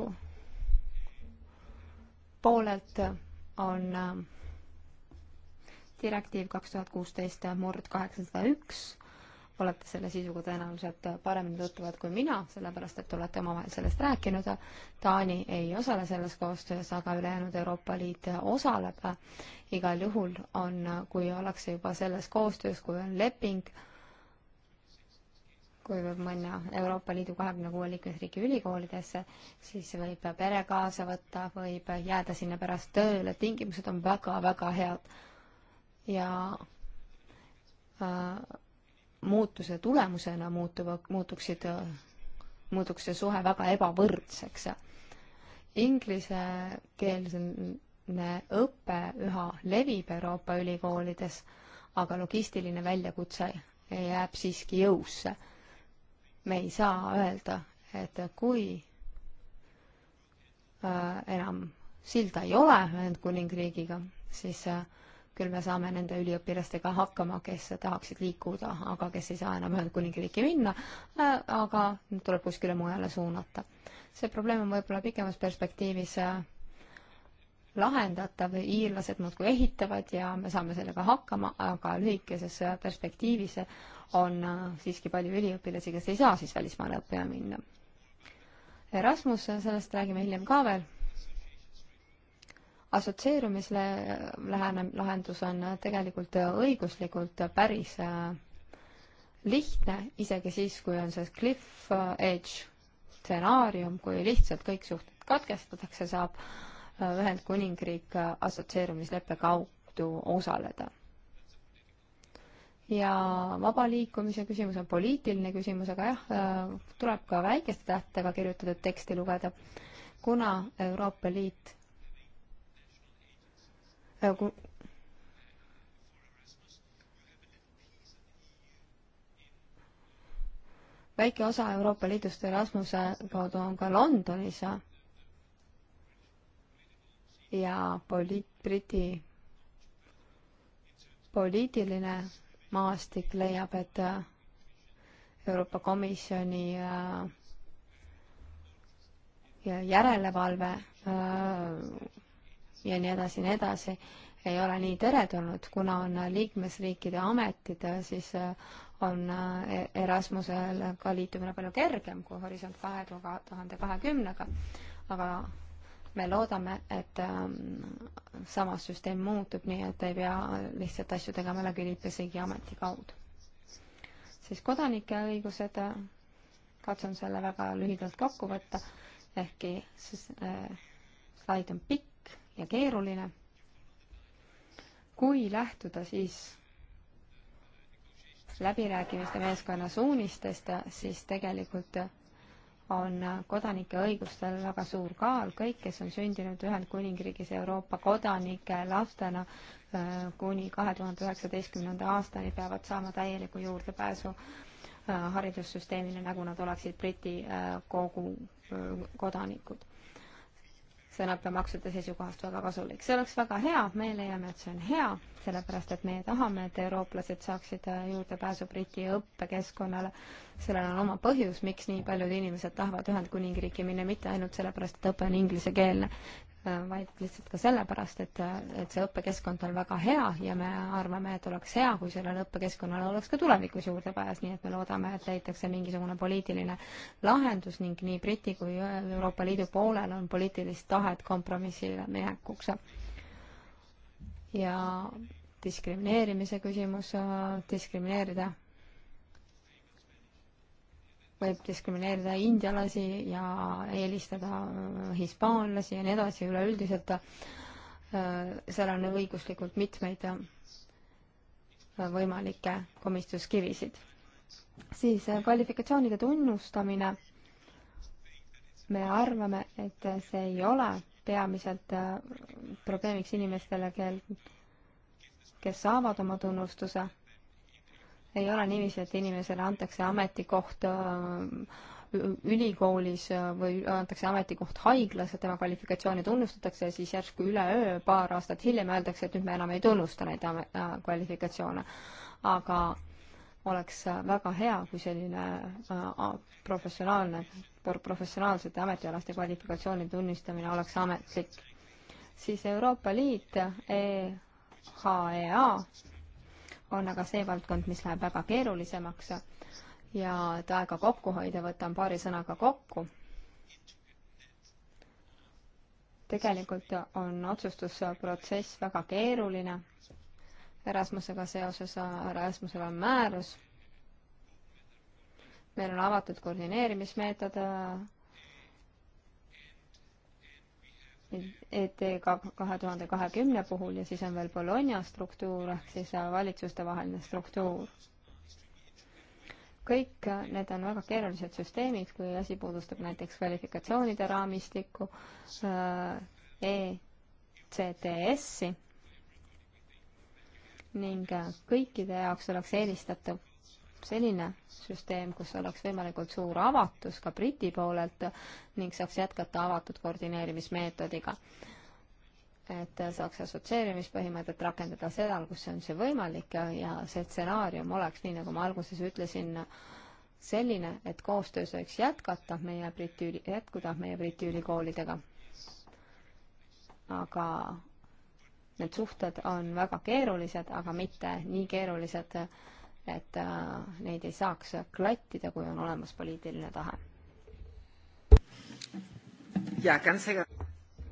poolelt on äh, direktiiv kaks tuhat kuusteist murd kaheksasada üks olete selle sisuga tõenäoliselt paremini tutvuvad kui mina, sellepärast et olete omavahel sellest rääkinud. Taani ei osale selles koostöös, aga ülejäänud Euroopa Liit osaleb. igal juhul on, kui ollakse juba selles koostöös, kui on leping, kui võib minna Euroopa Liidu kahekümne kuue liikmesriigi ülikoolidesse, siis võib pere kaasa võtta, võib jääda sinna pärast tööle, tingimused on väga-väga head. ja äh, muutuse tulemusena muutuva, muutuksid, muutuks see suhe väga ebavõrdseks. Inglisekeelne õpe üha levib Euroopa ülikoolides, aga logistiline väljakutse jääb siiski jõusse. me ei saa öelda, et kui äh, enam silda ei ole Ühendkuningriigiga, siis äh, küll me saame nende üliõpilastega hakkama, kes tahaksid liikuda, aga kes ei saa enam Ühendkuningriiki minna, äh, aga tuleb kuskile mujale suunata. see probleem on võib-olla pikemas perspektiivis äh, lahendatav, iirlased muudkui ehitavad ja me saame sellega hakkama, aga lühikeses äh, perspektiivis on siiski palju üliõpilasi, kes ei saa siis välismaale õppima minna. Erasmus, sellest räägime hiljem ka veel assotsieerumisle lähenem-, lahendus on tegelikult õiguslikult päris äh, lihtne, isegi siis, kui on see cliff edge stsenaarium, kui lihtsalt kõik suhted katkestatakse, saab äh, Ühendkuningriik äh, assotsieerumisleppe kaudu osaleda. ja vaba liikumise küsimus on poliitiline küsimus, aga jah, tuleb ka väikeste tähtedega kirjutatud teksti lugeda, kuna Euroopa Liit Nagu- väike osa Euroopa Liidust Erasmuse kaudu on ka Londonis ja poliit-, Briti poliitiline maastik leiab, et äh, Euroopa Komisjoni ja äh, järelevalve äh, ja nii edasi ja nii edasi, ei ole nii teretulnud, kuna on liikmesriikide ametid, siis äh, on äh, Erasmusel ka liitumine palju kergem kui Horisont kahe tuhande kahekümnega, aga me loodame, et ähm, samas süsteem muutub, nii et ei pea lihtsalt asju tegema läbi liikmesriigi ameti kaudu. siis kodanike õigused, äh, katsun selle väga lühidalt kokku võtta, ehkki siis äh, slaid on pikk, ja keeruline. kui lähtuda siis läbirääkimiste meeskonna suunistest, siis tegelikult on kodanike õigustel väga suur kaal, kõik, kes on sündinud Ühendkuningriigis Euroopa kodanike lastena äh, kuni kahe tuhande üheksateistkümnenda aastani, peavad saama täieliku juurdepääsu äh, haridussüsteemile, nagu nad oleksid Briti äh, kogu kodanikud sõnapäevamaksude seisukohast väga kasulik. see oleks väga hea, me leiame, et see on hea, sellepärast et meie tahame, et eurooplased saaksid äh, juurdepääsu Briti õppekeskkonnale. sellel on oma põhjus, miks nii paljud inimesed tahavad Ühendkuningriiki minna, mitte ainult sellepärast, et õpe on inglisekeelne. Äh, vaid lihtsalt ka sellepärast, et, et see õppekeskkond on väga hea ja me arvame, et oleks hea, kui sellele õppekeskkonnale oleks ka tulevikus juurdepääs, nii et me loodame, et leitakse mingisugune poliitiline lahendus ning nii Briti kui äh, Euroopa Liidu poolel on poliitilist tahet kompromissile minekuks. ja diskrimineerimise küsimus, äh, diskrimineerida võib diskrimineerida indialasi ja eelistada äh, hispaanlasi ja nii edasi, üleüldiselt äh, seal on õiguslikult mitmeid äh, võimalikke komistuskivisid. siis kvalifikatsioonide tunnustamine. me arvame, et see ei ole peamiselt probleemiks inimestele, kel, kes saavad oma tunnustuse ei ole niiviisi, et inimesele antakse ametikoht äh, ülikoolis äh, või antakse ametikoht haiglas ja tema kvalifikatsiooni tunnustatakse ja siis järsku üleöö, paar aastat hiljem öeldakse, et nüüd me enam ei tunnusta neid äh, kvalifikatsioone. aga oleks väga hea, kui selline professionaalne, professionaalsete ametialaste kvalifikatsiooni tunnistamine oleks ametlik. siis Euroopa Liit, EHEA on aga see valdkond, mis läheb väga keerulisemaks ja et aega kokku hoida, võtan paari sõnaga kokku. tegelikult on otsustusprotsess väga keeruline. Erasmusega seoses, Erasmusel on määrus, meil on avatud koordineerimismeetod, ET kahe tuhande kahekümne puhul ja siis on veel Bologna struktuur ehk siis äh, valitsustevaheline struktuur. kõik äh, need on väga keerulised süsteemid, kui asi puudustab näiteks kvalifikatsioonide raamistikku äh, ECTS-i ning kõikide jaoks oleks eelistatav selline süsteem, kus oleks võimalikult suur avatus ka Briti poolelt ning saaks jätkata avatud koordineerimismeetodiga. et saaks assotsieerimispõhimõtet rakendada seal, kus on see võimalik ja, ja see stsenaarium oleks, nii nagu ma alguses ütlesin, selline, et koostöö saaks jätkata meie Briti üli-, jätkuda meie Briti ülikoolidega. aga need suhted on väga keerulised, aga mitte nii keerulised, et äh, neid ei saaks klattida, kui on olemas poliitiline tahe.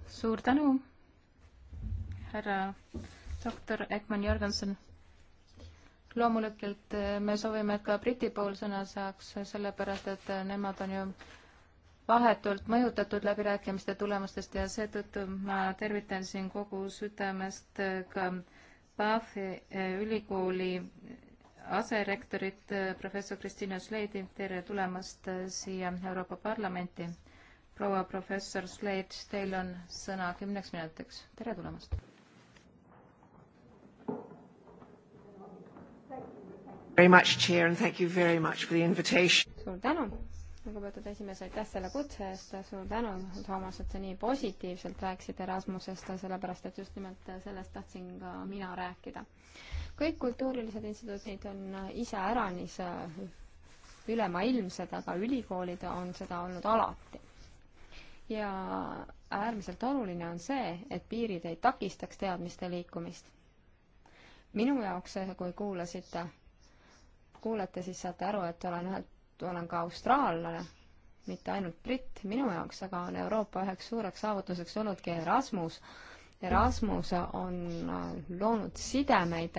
suur tänu, härra doktor Ekman Jörgenson. loomulikult äh, me soovime, et ka Briti pool sõna saaks, sellepärast et äh, nemad on ju vahetult mõjutatud läbirääkimiste tulemustest ja seetõttu ma tervitan siin kogu südamest ka PAF-i ülikooli aserektorit, äh, professor Kristiina Sleidi, tere tulemast äh, siia Euroopa Parlamenti. proua professor Sleit, teil on sõna kümneks minutiks, tere tulemast. suur tänu lugupeetud esimees, aitäh selle kutse eest, suur tänu, Toomas, et sa nii positiivselt rääkisid Erasmusest, sellepärast et just nimelt sellest tahtsin ka mina rääkida. kõik kultuurilised instituudid on iseäranis ülemaailmsed, aga ülikoolid on seda olnud alati. ja äärmiselt oluline on see, et piirid ei takistaks teadmiste liikumist. minu jaoks, kui kuulasite, kuulete, siis saate aru, et olen ühelt olen ka austraallane, mitte ainult britt, minu jaoks aga on Euroopa üheks suureks saavutuseks olnudki Erasmus. Erasmus on äh, loonud sidemeid,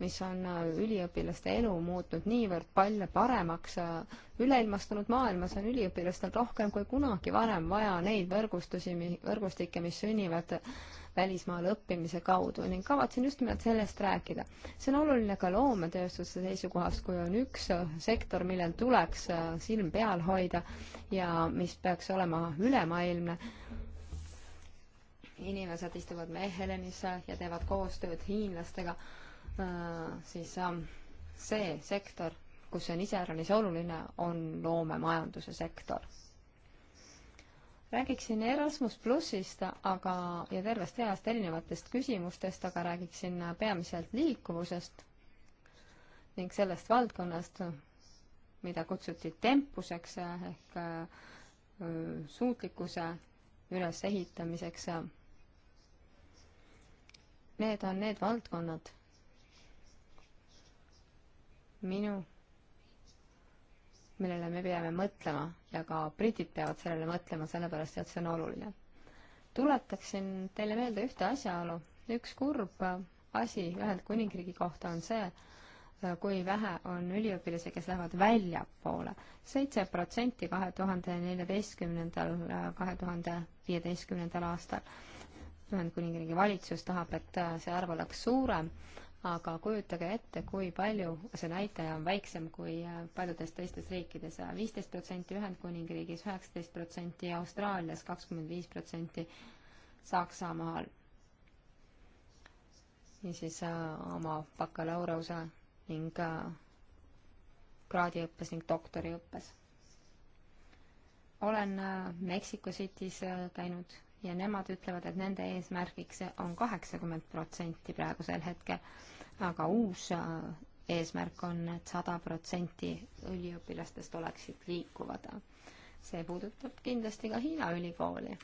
mis on äh, üliõpilaste elu muutnud niivõrd palju paremaks. Äh, üleilmastunud maailmas on üliõpilastel rohkem kui kunagi varem vaja neid võrgustusi, võrgustikke, mis sünnivad äh, välismaal õppimise kaudu ning kavatsen just nimelt sellest rääkida. see on oluline ka loometööstuse seisukohast, kui on üks äh, sektor, millel tuleks äh, silm peal hoida ja mis peaks olema ülemaailmne inimesed istuvad Mehhelenis ja teevad koostööd hiinlastega, äh, siis see sektor, kus see on iseäranis oluline, on loomemajanduse sektor räägiksin Erasmus plussist, aga, ja tervest heast erinevatest küsimustest, aga räägiksin peamiselt liikuvusest ning sellest valdkonnast, mida kutsuti tempuseks ehk suutlikkuse ülesehitamiseks. Need on need valdkonnad minu millele me peame mõtlema ja ka britid peavad sellele mõtlema, sellepärast et see on oluline. tuletaksin teile meelde ühte asjaolu. üks kurb asi Ühendkuningriigi kohta on see, kui vähe on üliõpilasi, kes lähevad väljapoole. seitse protsenti kahe tuhande neljateistkümnendal, kahe tuhande viieteistkümnendal aastal Ühendkuningriigi valitsus tahab, et see arv oleks suurem, aga kujutage ette, kui palju see näitaja on väiksem kui äh, paljudes teistes riikides, äh, viisteist protsenti Ühendkuningriigis, üheksateist protsenti Austraalias, kakskümmend viis protsenti Saksamaal. niisiis äh, oma bakalaureuse ning kraadiõppes ning doktoriõppes. olen Mexico City's käinud ja nemad ütlevad, et nende eesmärgiks on kaheksakümmend protsenti praegusel hetkel, aga uus äh, eesmärk on et, et sada protsenti üliõpilastest oleksid liikuvad. see puudutab kindlasti ka Hiina ülikooli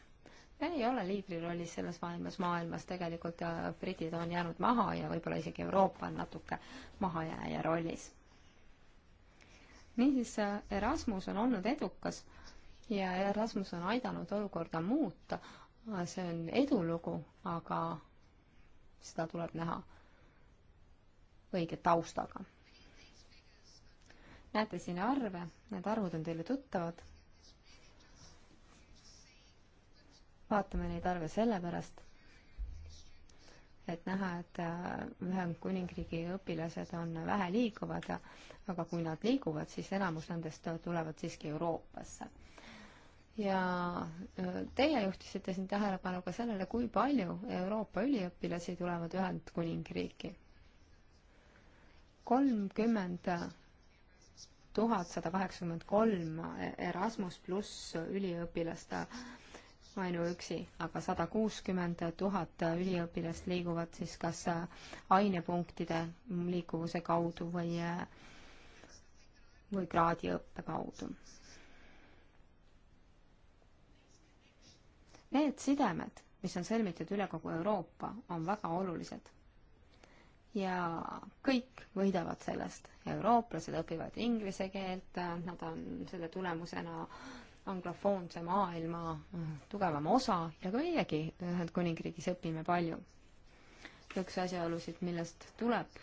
me ei ole liidrirollis selles maailmas, maailmas tegelikult ja äh, britid on jäänud maha ja võib-olla isegi Euroopa on natuke mahajääja rollis. niisiis, äh, Erasmus on olnud edukas ja Erasmus on aidanud olukorda muuta, see on edulugu, aga seda tuleb näha õige taustaga. näete siin arve, need arvud on teile tuttavad. vaatame neid arve sellepärast, et näha, et äh, Ühendkuningriigi õpilased on vähe liiguvad, aga kui nad liiguvad, siis enamus nendest tulevad siiski Euroopasse ja teie juhtisite siin tähelepanu ka sellele, kui palju Euroopa üliõpilasi tulevad Ühendkuningriiki. kolmkümmend tuhat sada kaheksakümmend kolm Erasmus pluss üliõpilast ainuüksi, aga sada kuuskümmend tuhat üliõpilast liiguvad siis kas ainepunktide liikuvuse kaudu või, või kraadiõppe kaudu Need sidemed, mis on sõlmitud üle kogu Euroopa, on väga olulised. ja kõik võidavad sellest. eurooplased õpivad inglise keelt, nad on selle tulemusena anglofoonse maailma mm, tugevam osa ja ka meiegi Ühendkuningriigis õpime palju. üks asjaolusid, millest tuleb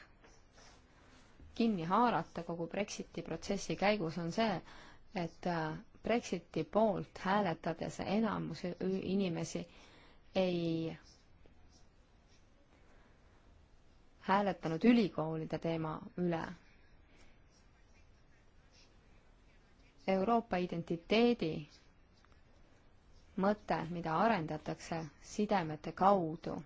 kinni haarata kogu Brexiti protsessi käigus, on see, et äh, Brexiti poolt hääletades enamus inimesi ei hääletanud ülikoolide teema üle. Euroopa identiteedi mõte, mida arendatakse sidemete kaudu.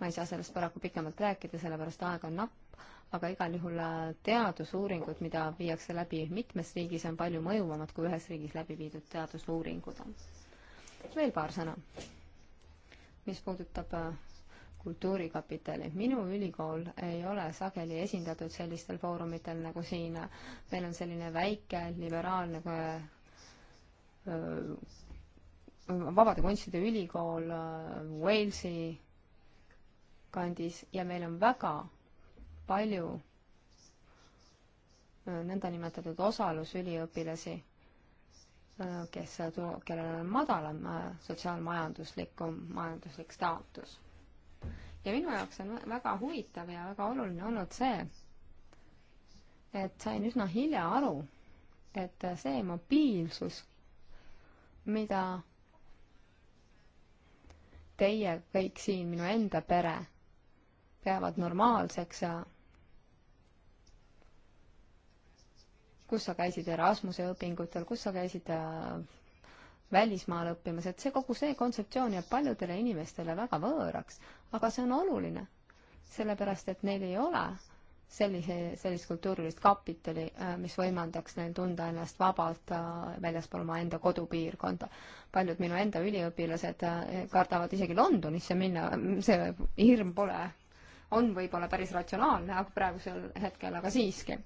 ma ei saa sellest paraku pikemalt rääkida, sellepärast aeg on napp aga igal juhul äh, teadusuuringud, mida viiakse läbi mitmes riigis, on palju mõjuvamad kui ühes riigis läbi viidud teadusuuringud. veel paar sõna, mis puudutab äh, kultuurikapitali. minu ülikool ei ole sageli esindatud sellistel foorumitel nagu siin. meil on selline väike liberaalne öö, äh, vabade kunstide ülikool Walesi kandis ja meil on väga palju äh, nõndanimetatud osalusüliõpilasi, äh, kes, äh, kellel on madalam sotsiaalmajanduslikum, majanduslik staatus. ja minu jaoks on väga huvitav ja väga oluline olnud see, et sain üsna hilja aru, et see mobiilsus, mida teie kõik siin, minu enda pere, peavad normaalseks ja kus sa käisid Erasmuse õpingutel, kus sa käisid äh, välismaal õppimas, et see, kogu see kontseptsioon jääb paljudele inimestele väga võõraks, aga see on oluline, sellepärast et neil ei ole sellise, sellist kultuurilist kapitali, äh, mis võimaldaks neil tunda ennast vabalt äh, väljaspool oma enda kodupiirkonda. paljud minu enda üliõpilased kardavad isegi Londonisse minna, see hirm pole, on võib-olla päris ratsionaalne, aga praegusel hetkel, aga siiski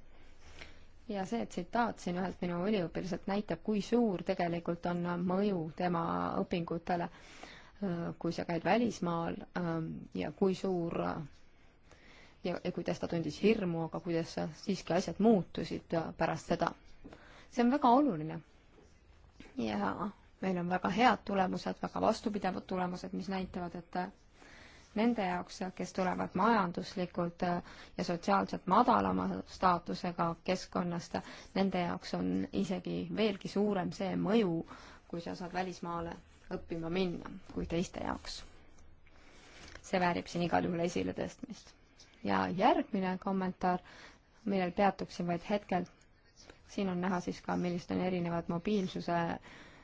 ja see tsitaat siin ühelt minu üliõpilaselt näitab, kui suur tegelikult on mõju tema õpingutele, kui sa käid välismaal ja kui suur ja, ja kuidas ta tundis hirmu, aga kuidas siiski asjad muutusid pärast seda. see on väga oluline. ja meil on väga head tulemused, väga vastupidavad tulemused, mis näitavad, et nende jaoks, kes tulevad majanduslikult äh, ja sotsiaalselt madalama staatusega keskkonnast, nende jaoks on isegi veelgi suurem see mõju, kui sa saad välismaale õppima minna, kui teiste jaoks. see väärib siin igal juhul esiletõstmist. ja järgmine kommentaar, millel peatuksin vaid hetkel, siin on näha siis ka, millised on erinevad mobiilsuse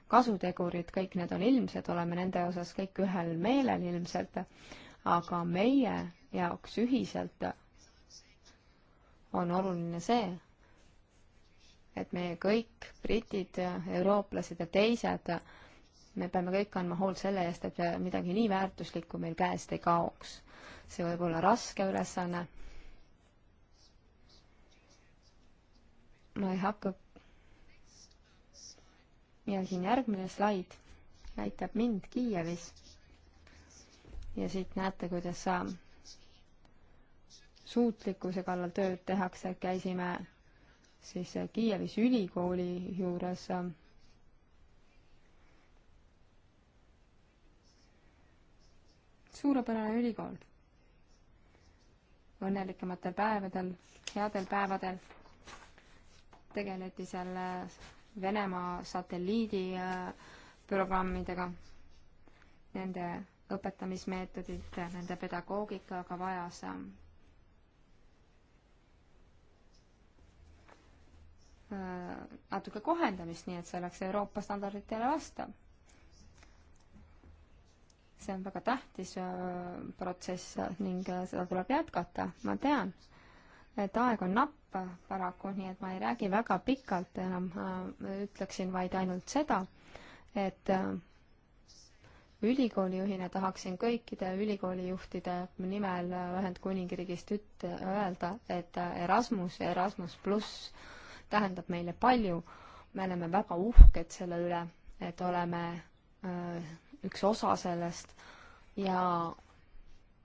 kasutegurid, kõik need on ilmsed, oleme nende osas kõik ühel meelel ilmselt aga meie jaoks ühiselt on oluline see, et meie kõik, britid, eurooplased ja teised, me peame kõik andma hoolt selle eest, et midagi nii väärtuslikku meil käest ei kaoks. see võib olla raske ülesanne. ma ei hakka. ja siin järgmine slaid näitab mind Kiievis ja siit näete, kuidas suutlikkuse kallal tööd tehakse, käisime siis Kiievis ülikooli juures suurepärane ülikool. õnnelikumatel päevadel, headel päevadel tegeleti seal Venemaa satelliidiprogrammidega, äh, nende õpetamismeetodid, nende pedagoogika aga vajas natuke kohendamist, nii et see oleks Euroopa standarditele vastav. see on väga tähtis äh, protsess ning äh, seda tuleb jätkata, ma tean, et aeg on napp paraku, nii et ma ei räägi väga pikalt enam, äh, ütleksin vaid ainult seda, et ülikoolijuhina tahaksin kõikide ülikoolijuhtide nimel Ühendkuningriigist üt-, öelda, et Erasmus ja Erasmus pluss tähendab meile palju, me oleme väga uhked selle üle, et oleme öö, äh, üks osa sellest ja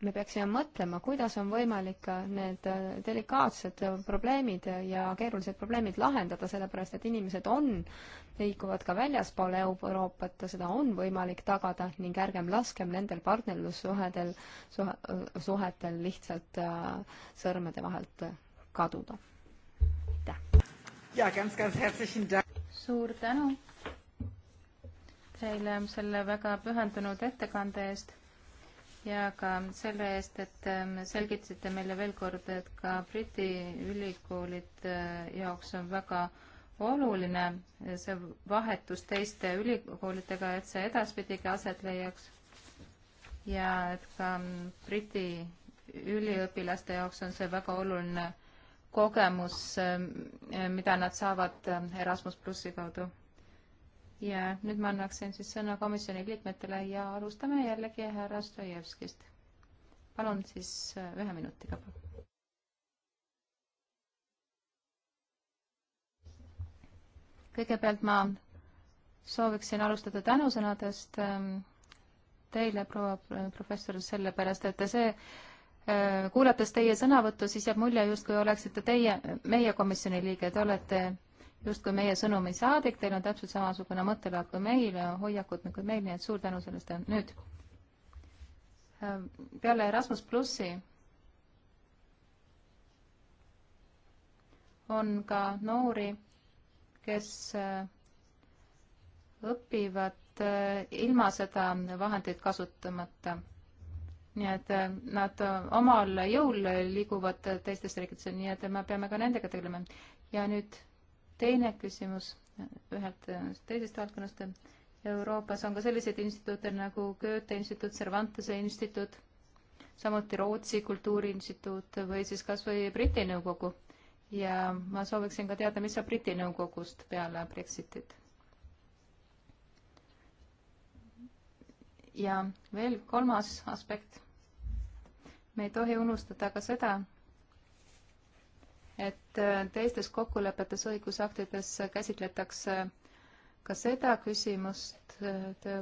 me peaksime mõtlema, kuidas on võimalik äh, need äh, delikaatsed äh, probleemid ja keerulised probleemid lahendada, sellepärast et inimesed on, liiguvad ka väljaspool Euroopat ja seda on võimalik tagada ning ärgem laskem nendel partnerlussuhedel, suhetel lihtsalt sõrmede vahelt kaduda. aitäh! suur tänu teile selle väga pühendunud ettekande eest ja ka selle eest, et ähm, selgitasite meile veel kord, et ka Briti ülikoolide äh, jaoks on väga oluline äh, see vahetus teiste ülikoolidega, et see edaspidigi aset leiaks. ja et ka ähm, Briti üliõpilaste jaoks on see väga oluline kogemus, ähm, äh, mida nad saavad Erasmus plussi kaudu ja nüüd ma annaksin siis sõna komisjoni liikmetele ja alustame jällegi härra Stojevskist. palun siis äh, ühe minutiga. kõigepealt ma sooviksin alustada tänusõnadest ähm, teile, proua professor, sellepärast et see äh, kuulates teie sõnavõttu, siis jääb mulje, justkui oleksite teie meie komisjoni liige, te olete justkui meie sõnumi saadik, teil on täpselt samasugune mõttelaad kui meil ja hoiakud kui nagu meil, nii et suur tänu sellest. nüüd ähm, peale Erasmus plussi on ka noori, kes äh, õpivad äh, ilma seda vahendit kasutamata. nii et äh, nad omal jõul liiguvad teistes riikides, nii et me peame ka nendega tegelema. ja nüüd teine küsimus ühelt teisest valdkonnast. Euroopas on ka selliseid instituute nagu Goethe instituut, Cervantese instituut, samuti Rootsi Kultuuriinstituut või siis kas või Briti nõukogu. ja ma sooviksin ka teada, mis saab Briti nõukogust peale Brexitit. ja veel kolmas aspekt. me ei tohi unustada ka seda, et äh, teistes kokkulepetes õigusaktides käsitletakse ka seda küsimust, et äh,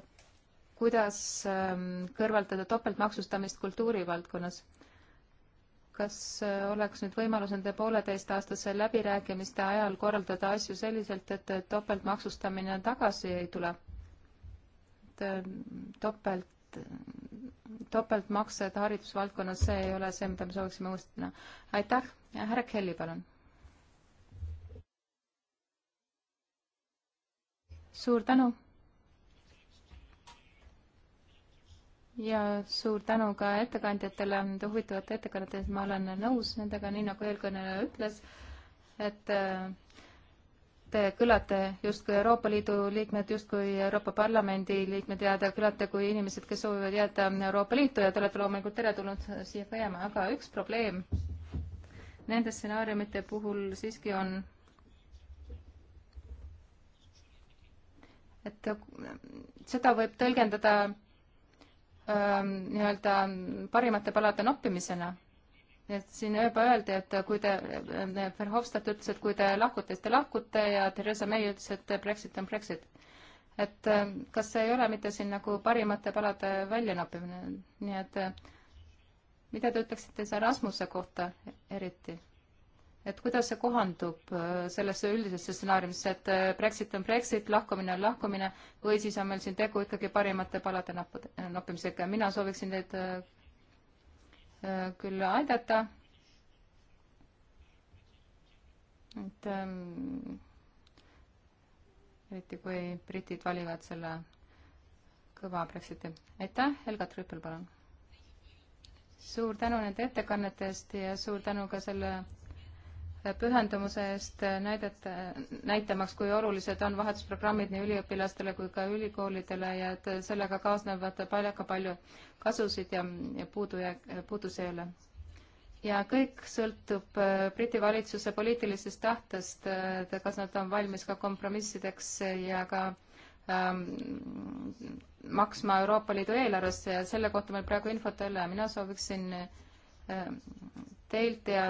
kuidas ähm, kõrvaldada topeltmaksustamist kultuurivaldkonnas. kas äh, oleks nüüd võimalus nende pooleteistaastase läbirääkimiste ajal korraldada asju selliselt, et topeltmaksustamine tagasi ei tule? topelt topeltmaksed haridusvaldkonnas, see ei ole see, mida me sooviksime uuestada. aitäh, härra Kelly, palun. suur tänu. ja suur tänu ka ettekandjatele nende huvitavate ettekannete eest, ma olen nõus nendega, nii nagu eelkõneleja ütles, et äh, te kõlate justkui Euroopa Liidu liikmed, justkui Euroopa Parlamendi liikmed ja te kõlate kui inimesed, kes soovivad jääda Euroopa Liitu ja te olete loomulikult teretulnud siia ka jääma, aga üks probleem nende stsenaariumite puhul siiski on, et seda võib tõlgendada ähm, nii-öelda parimate palade noppimisena et siin juba öeldi, et kui te, Verhofstadt ütles, et kui te lahkute, siis te lahkute ja Theresa May ütles, et Brexit on Brexit. et äh, kas see ei ole mitte siin nagu parimate palade väljanoppimine, nii et äh, mida te ütleksite siis Erasmuse kohta eriti? et kuidas see kohandub äh, sellesse üldisesse stsenaariumisse, et Brexit on Brexit, lahkumine on lahkumine või siis on meil siin tegu ikkagi parimate palade nappude, noppimisega ja mina sooviksin teid küll aidata. et ähm, eriti kui britid valivad selle kõva Brexiti. aitäh, Helga Trüppel, palun! suur tänu nende ettekannete eest ja suur tänu ka selle pühendumuse eest näidata, näitamaks, kui olulised on vahetusprogrammid nii üliõpilastele kui ka ülikoolidele ja et sellega kaasnevad väga palju kasusid ja, ja puudujääk, puudusi ei ole. ja kõik sõltub äh, Briti valitsuse poliitilisest tahtest, et kas nad on valmis ka kompromissideks ja ka ähm, maksma Euroopa Liidu eelarvesse ja selle kohta meil praegu infot ei ole. mina sooviksin äh, teilt ja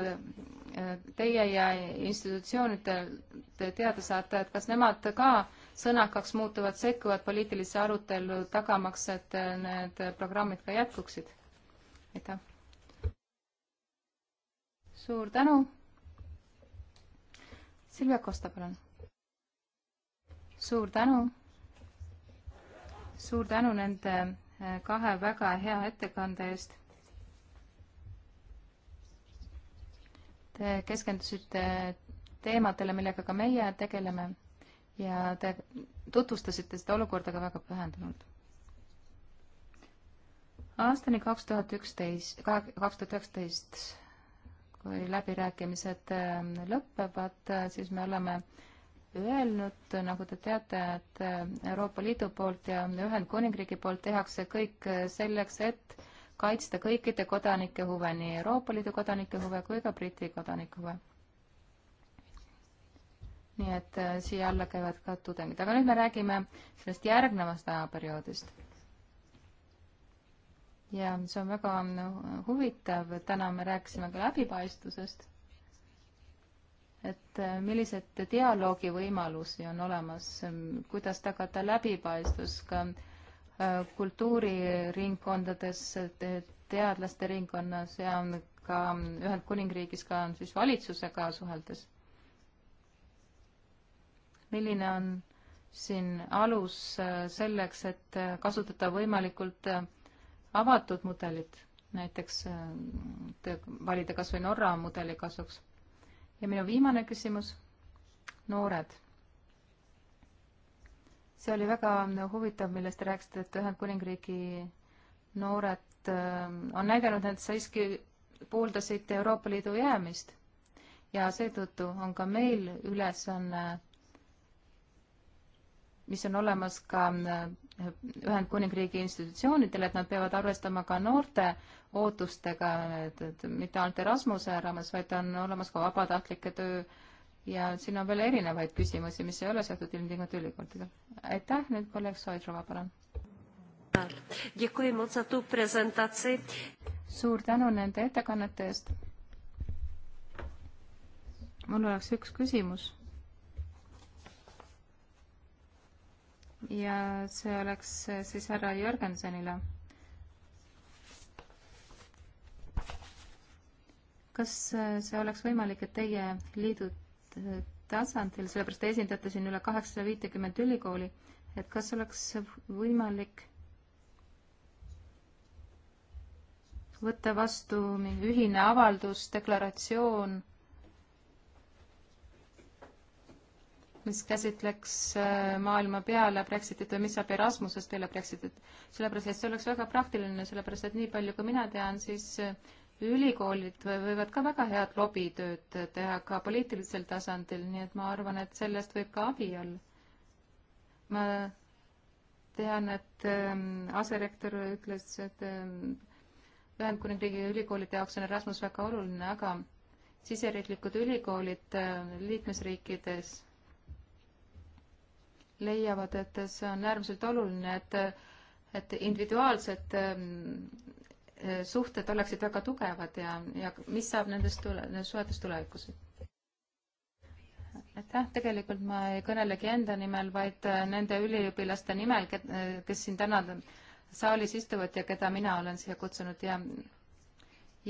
äh, teie ja institutsioonidelt teada saata, et kas nemad ka sõnakaks muutuvad, sekkuvad poliitilisse arutellu, tagamaks, et äh, need programmid ka jätkuksid? aitäh! suur tänu! Silvia Kosta, palun! suur tänu! suur tänu nende äh, kahe väga hea ettekande eest Te keskendusite teemadele, millega ka meie tegeleme ja te tutvustasite seda olukorda ka väga pühendunult. aastani kaks tuhat üksteist, kaks tuhat üheksateist, kui läbirääkimised ähm, lõpevad, äh, siis me oleme öelnud, nagu te teate, et äh, Euroopa Liidu poolt ja Ühendkuningriigi poolt tehakse kõik äh, selleks, et kaitsta kõikide kodanike huve, nii Euroopa Liidu kodanike huve kui ka Briti kodanike huve. nii et äh, siia alla käivad ka tudengid, aga nüüd me räägime sellest järgnevast ajaperioodist. ja see on väga huvitav, täna me rääkisime ka läbipaistvusest, et äh, millised dialoogivõimalusi on olemas, kuidas tagada läbipaistvus ka äh, kultuuriringkondades, teadlaste ringkonnas ja ka Ühendkuningriigis ka siis valitsusega suheldes. milline on siin alus äh, selleks, et äh, kasutada võimalikult äh, avatud mudelit, näiteks valida kas või Norra mudeli kasuks? ja minu viimane küsimus, noored see oli väga huvitav, millest te rääkisite, et Ühendkuningriigi noored ähm, on näidanud, et sa siiski pooldasid Euroopa Liidu jäämist ja seetõttu on ka meil ülesanne, mis on olemas ka äh, Ühendkuningriigi institutsioonidele, et nad peavad arvestama ka noorte ootustega, et, et mitte ainult Erasmuse raames, vaid on olemas ka vabatahtlike töö ja siin on veel erinevaid küsimusi, mis ei ole seotud ilmtingimata ülikoolidega. aitäh, nüüd kolleeg Soidrova, palun. suur tänu nende ettekannete eest. mul oleks üks küsimus. ja see oleks siis härra Jörgensonile kas see oleks võimalik, et teie liidud tasandil, sellepärast te esindate siin üle kaheksasada viitekümmet ülikooli, et kas oleks võimalik võtta vastu mingi ühine avaldus, deklaratsioon, mis käsitleks äh, maailma peale Brexitit või mis saab Erasmusest peale Brexitit, sellepärast et see oleks väga praktiline, sellepärast et nii palju, kui mina tean, siis äh, ülikoolid võivad ka väga head lobitööd teha ka poliitilisel tasandil, nii et ma arvan, et sellest võib ka abi olla. ma tean, et ähm, aserektor ütles, et ähm, Ühendkuningriigi ülikoolide jaoks on Erasmus väga oluline, aga siseriiklikud ülikoolid äh, liikmesriikides leiavad, et see on äärmiselt oluline, et, et individuaalsed ähm, Eh, suhted oleksid väga tugevad ja, ja mis saab nendest tule, suhetest tulevikus? aitäh, tegelikult ma ei kõnelegi enda nimel, vaid eh, nende üliõpilaste nimel, eh, kes siin täna saalis istuvad ja keda mina olen siia kutsunud ja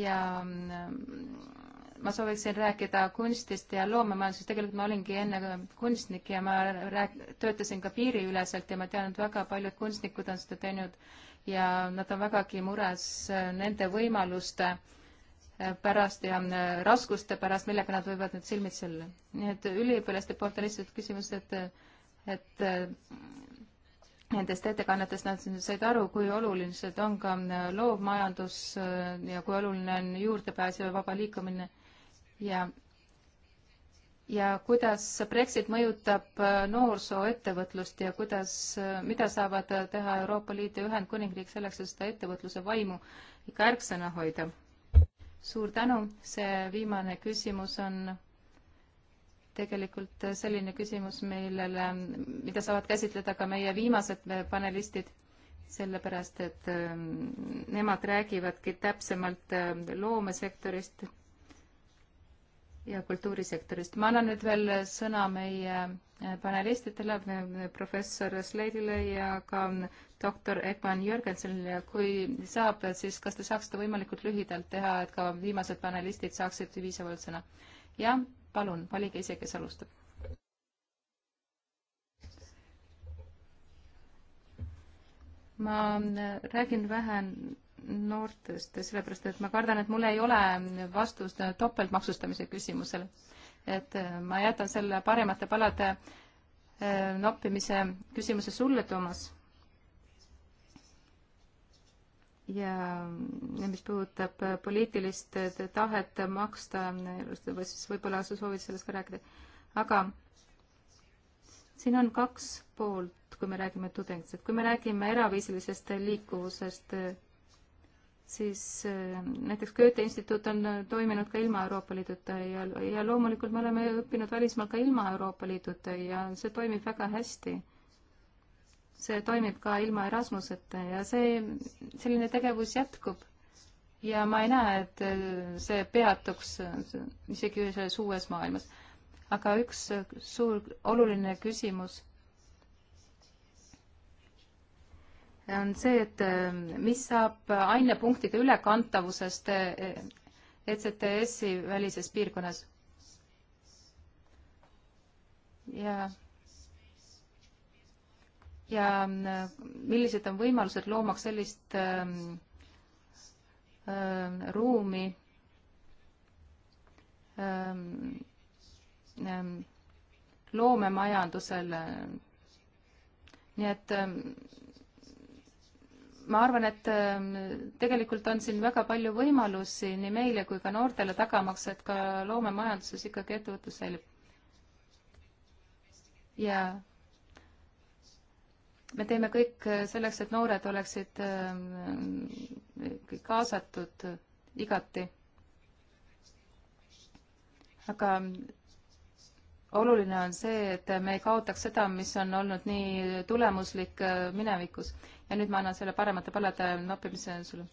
ja mm, ma sooviksin rääkida kunstist ja loomemajandusest, tegelikult ma olingi enne kunstnik ja ma rääk-, töötasin ka piiriüleselt ja ma tean, et väga paljud kunstnikud on seda teinud äh, ja nad on vägagi mures äh, nende võimaluste äh, pärast ja äh, raskuste pärast, millega nad võivad nüüd silmitsi olla. nii et üliõpilaste poolt on lihtsalt küsimus, et, et nendest ettekannetest nad said aru, kui olulised on ka loovmajandus ja kui oluline on juurdepääs ja vaba liikumine ja ja kuidas Brexit mõjutab äh, noorsooettevõtlust ja kuidas, äh, mida saavad äh, teha Euroopa Liit ja Ühendkuningriik selleks, et seda ettevõtluse vaimu ikka ärksõna hoida? suur tänu, see viimane küsimus on tegelikult selline küsimus, millele, mida saavad käsitleda ka meie viimased panelistid, sellepärast et ähm, nemad räägivadki täpsemalt loomesektorist ja kultuurisektorist. ma annan nüüd veel sõna meie äh, panelistidele, äh, professor Sleidile ja ka äh, doktor Egman Jürgensenile ja kui saab, siis kas te saaksite võimalikult lühidalt teha, et ka viimased panelistid saaksid piisavalt sõna? jah, palun, valige ise, kes alustab. ma räägin vähe noortest, sellepärast et ma kardan, et mul ei ole vastust topeltmaksustamise küsimusele. et äh, ma jätan selle paremate palade äh, noppimise küsimuse sulle, Toomas. ja mis puudutab poliitilist tahet maksta, või siis võib-olla sa soovid sellest ka rääkida, aga siin on kaks poolt, kui me räägime tudengitest, kui me räägime eraviisilisest liikuvusest, siis äh, näiteks Goethe instituut on äh, toiminud ka ilma Euroopa Liiduta ja, ja loomulikult me oleme õppinud välismaal ka ilma Euroopa Liiduta ja see toimib väga hästi. see toimib ka ilma Erasmuseta ja see, selline tegevus jätkub. ja ma ei näe, et äh, see peatuks isegi selles uues maailmas. aga üks suur oluline küsimus on see, et äh, mis saab ainepunktide ülekantavusest äh, ECTS-i välises piirkonnas. ja, ja äh, millised on võimalused loomaks sellist ähm, ähm, ruumi ähm, ähm loomemajandusele. nii et ähm, ma arvan, et ähm, tegelikult on siin väga palju võimalusi nii meile kui ka noortele tagamaks, et ka loomemajanduses ikkagi ettevõtlus säilib. ja me teeme kõik selleks, et noored oleksid ähm, kaasatud igati. aga oluline on see, et me ei kaotaks seda, mis on olnud nii tulemuslik äh, minevikus ja nüüd ma annan selle paremate palade noppimise sulle.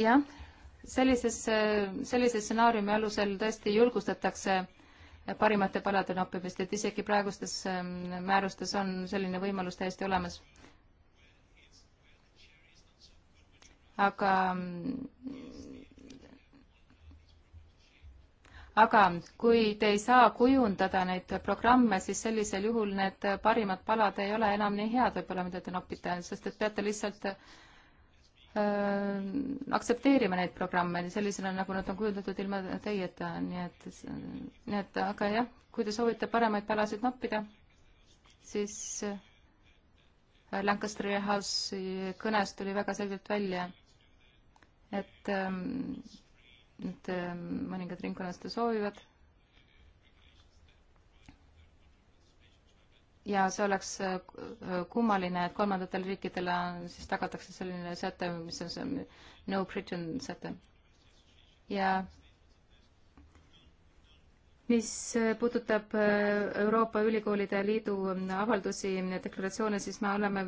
jah, sellises, sellise stsenaariumi alusel tõesti julgustatakse parimate palade noppimist, et isegi praegustes ähm, määrustes on selline võimalus täiesti olemas. aga aga kui te ei saa kujundada neid programme, siis sellisel juhul need parimad palad ei ole enam nii head võib-olla, mida te noppite, sest et peate lihtsalt äh, aktsepteerima neid programme sellisena, nagu nad on kujundatud ilma teieta, nii et, nii et aga jah, kui te soovite paremaid palasid noppida, siis äh, Lancasteri House'i kõnes tuli väga selgelt välja, et ähm, et ähm, mõningad ringkonnad seda soovivad. ja see oleks äh, äh, kummaline, et kolmandatele riikidele siis tagatakse selline säte, mis on see no prison säte. ja mis äh, puudutab Euroopa Ülikoolide Liidu avaldusi, deklaratsioone, siis me oleme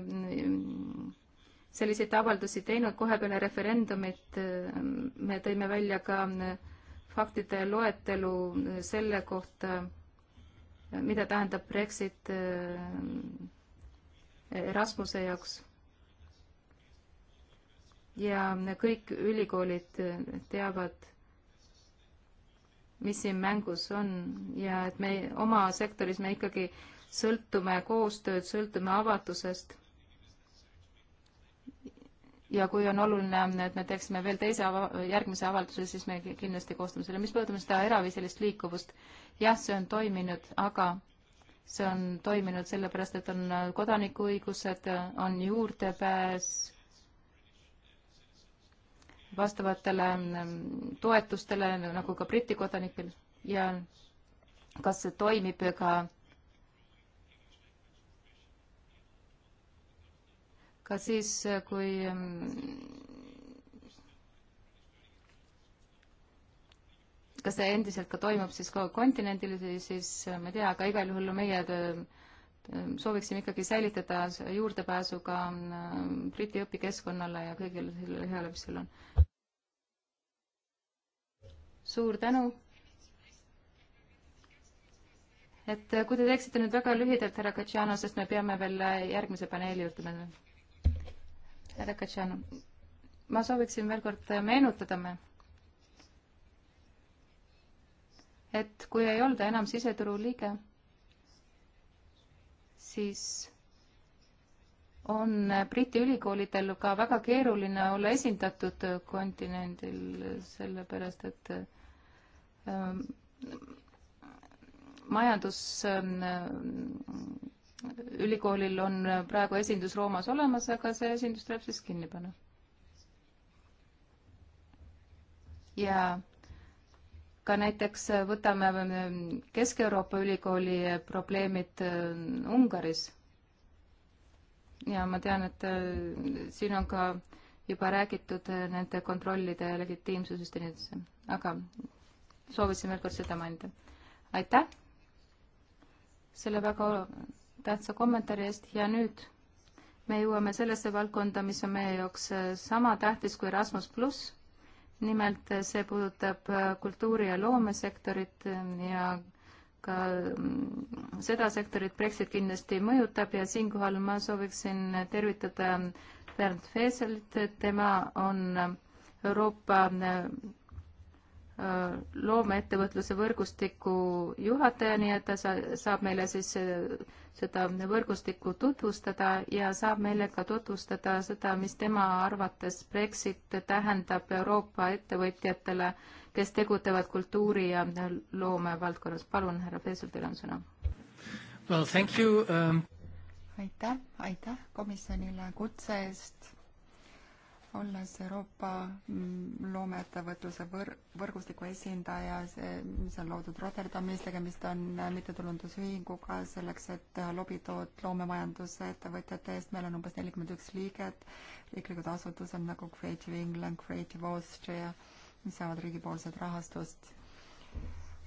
selliseid avaldusi teinud kohe peale referendumit. Äh, me tõime välja ka äh, faktide loetelu äh, selle kohta, mida tähendab Brexit Erasmuse jaoks. ja kõik ülikoolid teavad, mis siin mängus on ja et me oma sektoris me ikkagi sõltume koostööd, sõltume avatusest ja kui on oluline, et me teeksime veel teise ava-, järgmise avalduse, siis me kindlasti koostame selle. mis puudutab seda eraviisilist liikuvust, jah, see on toiminud, aga see on toiminud sellepärast, et on kodanikuõigused, on juurdepääs vastavatele mm, toetustele, nagu ka Briti kodanikel ja kas see toimib ka ka siis, äh, kui ähm, kas see endiselt ka toimub siis ka kontinendil, siis äh, ma ei tea, aga igal juhul meie äh, sooviksime ikkagi säilitada juurdepääsu ka Briti õpikeskkonnale ja kõigile sellele heale, mis seal on. suur tänu et kui te teeksite nüüd väga lühidalt, härra Katjano, sest me peame veel järgmise paneeli juurde minema härra Katšan, ma sooviksin veel kord meenutada me, et kui ei olda enam siseturu liige, siis on Briti ülikoolidel ka väga keeruline olla esindatud kontinendil, sellepärast et ähm, majandus ähm, ülikoolil on praegu esindus Roomas olemas, aga see esindus tuleb siis kinni panna. ja ka näiteks võtame Kesk-Euroopa ülikooli probleemid äh, Ungaris. ja ma tean, et äh, siin on ka juba räägitud äh, nende kontrollide legitiimsusest ja nii edasi, aga soovisin veel kord seda mainida. aitäh selle väga tähtsa kommentaari eest ja nüüd me jõuame sellesse valdkonda, mis on meie jaoks äh, sama tähtis kui Erasmus pluss. nimelt äh, see puudutab äh, kultuuri- ja loomesektorit ja ka mm, seda sektorit Brexit kindlasti mõjutab ja siinkohal ma sooviksin tervitada Bernd Feeselit, tema on Euroopa loomeettevõtluse võrgustiku juhataja, nii et ta saab meile siis seda võrgustikku tutvustada ja saab meile ka tutvustada seda, mis tema arvates Brexit tähendab Euroopa ettevõtjatele, kes tegutsevad kultuuri ja loome valdkonnas. palun, härra Peesel, teil on sõna. Well, thank you um.... aitäh, aitäh komisjonile kutse eest olles Euroopa mm, loomeettevõtluse võr-, võrgustiku esindaja, see, mis on loodud Rotterdamis, tegemist on äh, mittetulundusühinguga selleks, et teha lobitood loomemajanduse ettevõtjate eest, meil on umbes nelikümmend üks liiget, riiklikud asutused nagu Creative England, Creative Austria, mis saavad riigipoolset rahastust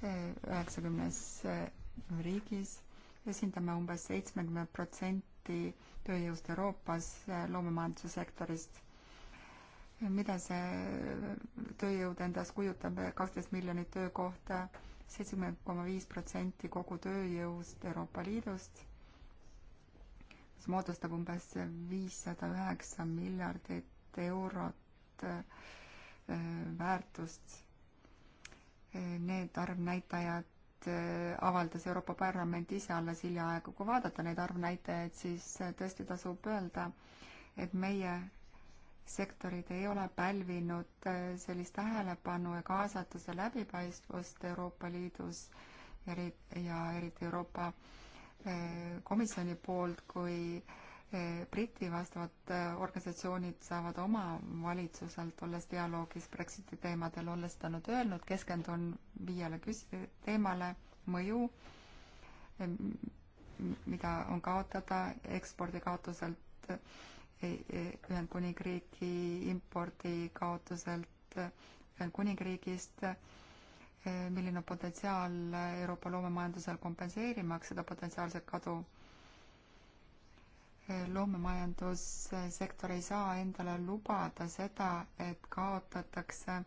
äh, üheksakümnes äh, riigis, esindame umbes seitsmekümne protsenti tööjõust Euroopas loomemajanduse sektorist mida see tööjõud endas kujutab, kaksteist miljonit töökohta, seitsekümmend koma viis protsenti kogu tööjõust Euroopa Liidust, mis moodustab umbes viissada üheksa miljardit eurot äh, väärtust. Need arvnäitajad äh, avaldas Euroopa Parlament ise alles hiljaaegu, kui vaadata neid arvnäitajaid, siis äh, tõesti tasub öelda, et meie sektorid ei ole pälvinud äh, sellist tähelepanu ja kaasatuse läbipaistvust Euroopa Liidus eri, ja eriti Euroopa äh, Komisjoni poolt, kui äh, Briti vastavad organisatsioonid saavad oma valitsuselt, olles dialoogis Brexiti teemadel, olles ta nüüd öelnud, keskendun viiele küs-, teemale, mõju, mida on kaotada ekspordi kaotuselt Ühendkuningriigi impordi kaotuselt Ühendkuningriigist, milline on potentsiaal Euroopa loomemajandusel kompenseerimaks seda potentsiaalset kadu. loomemajandussektor ei saa endale lubada seda, et kaotatakse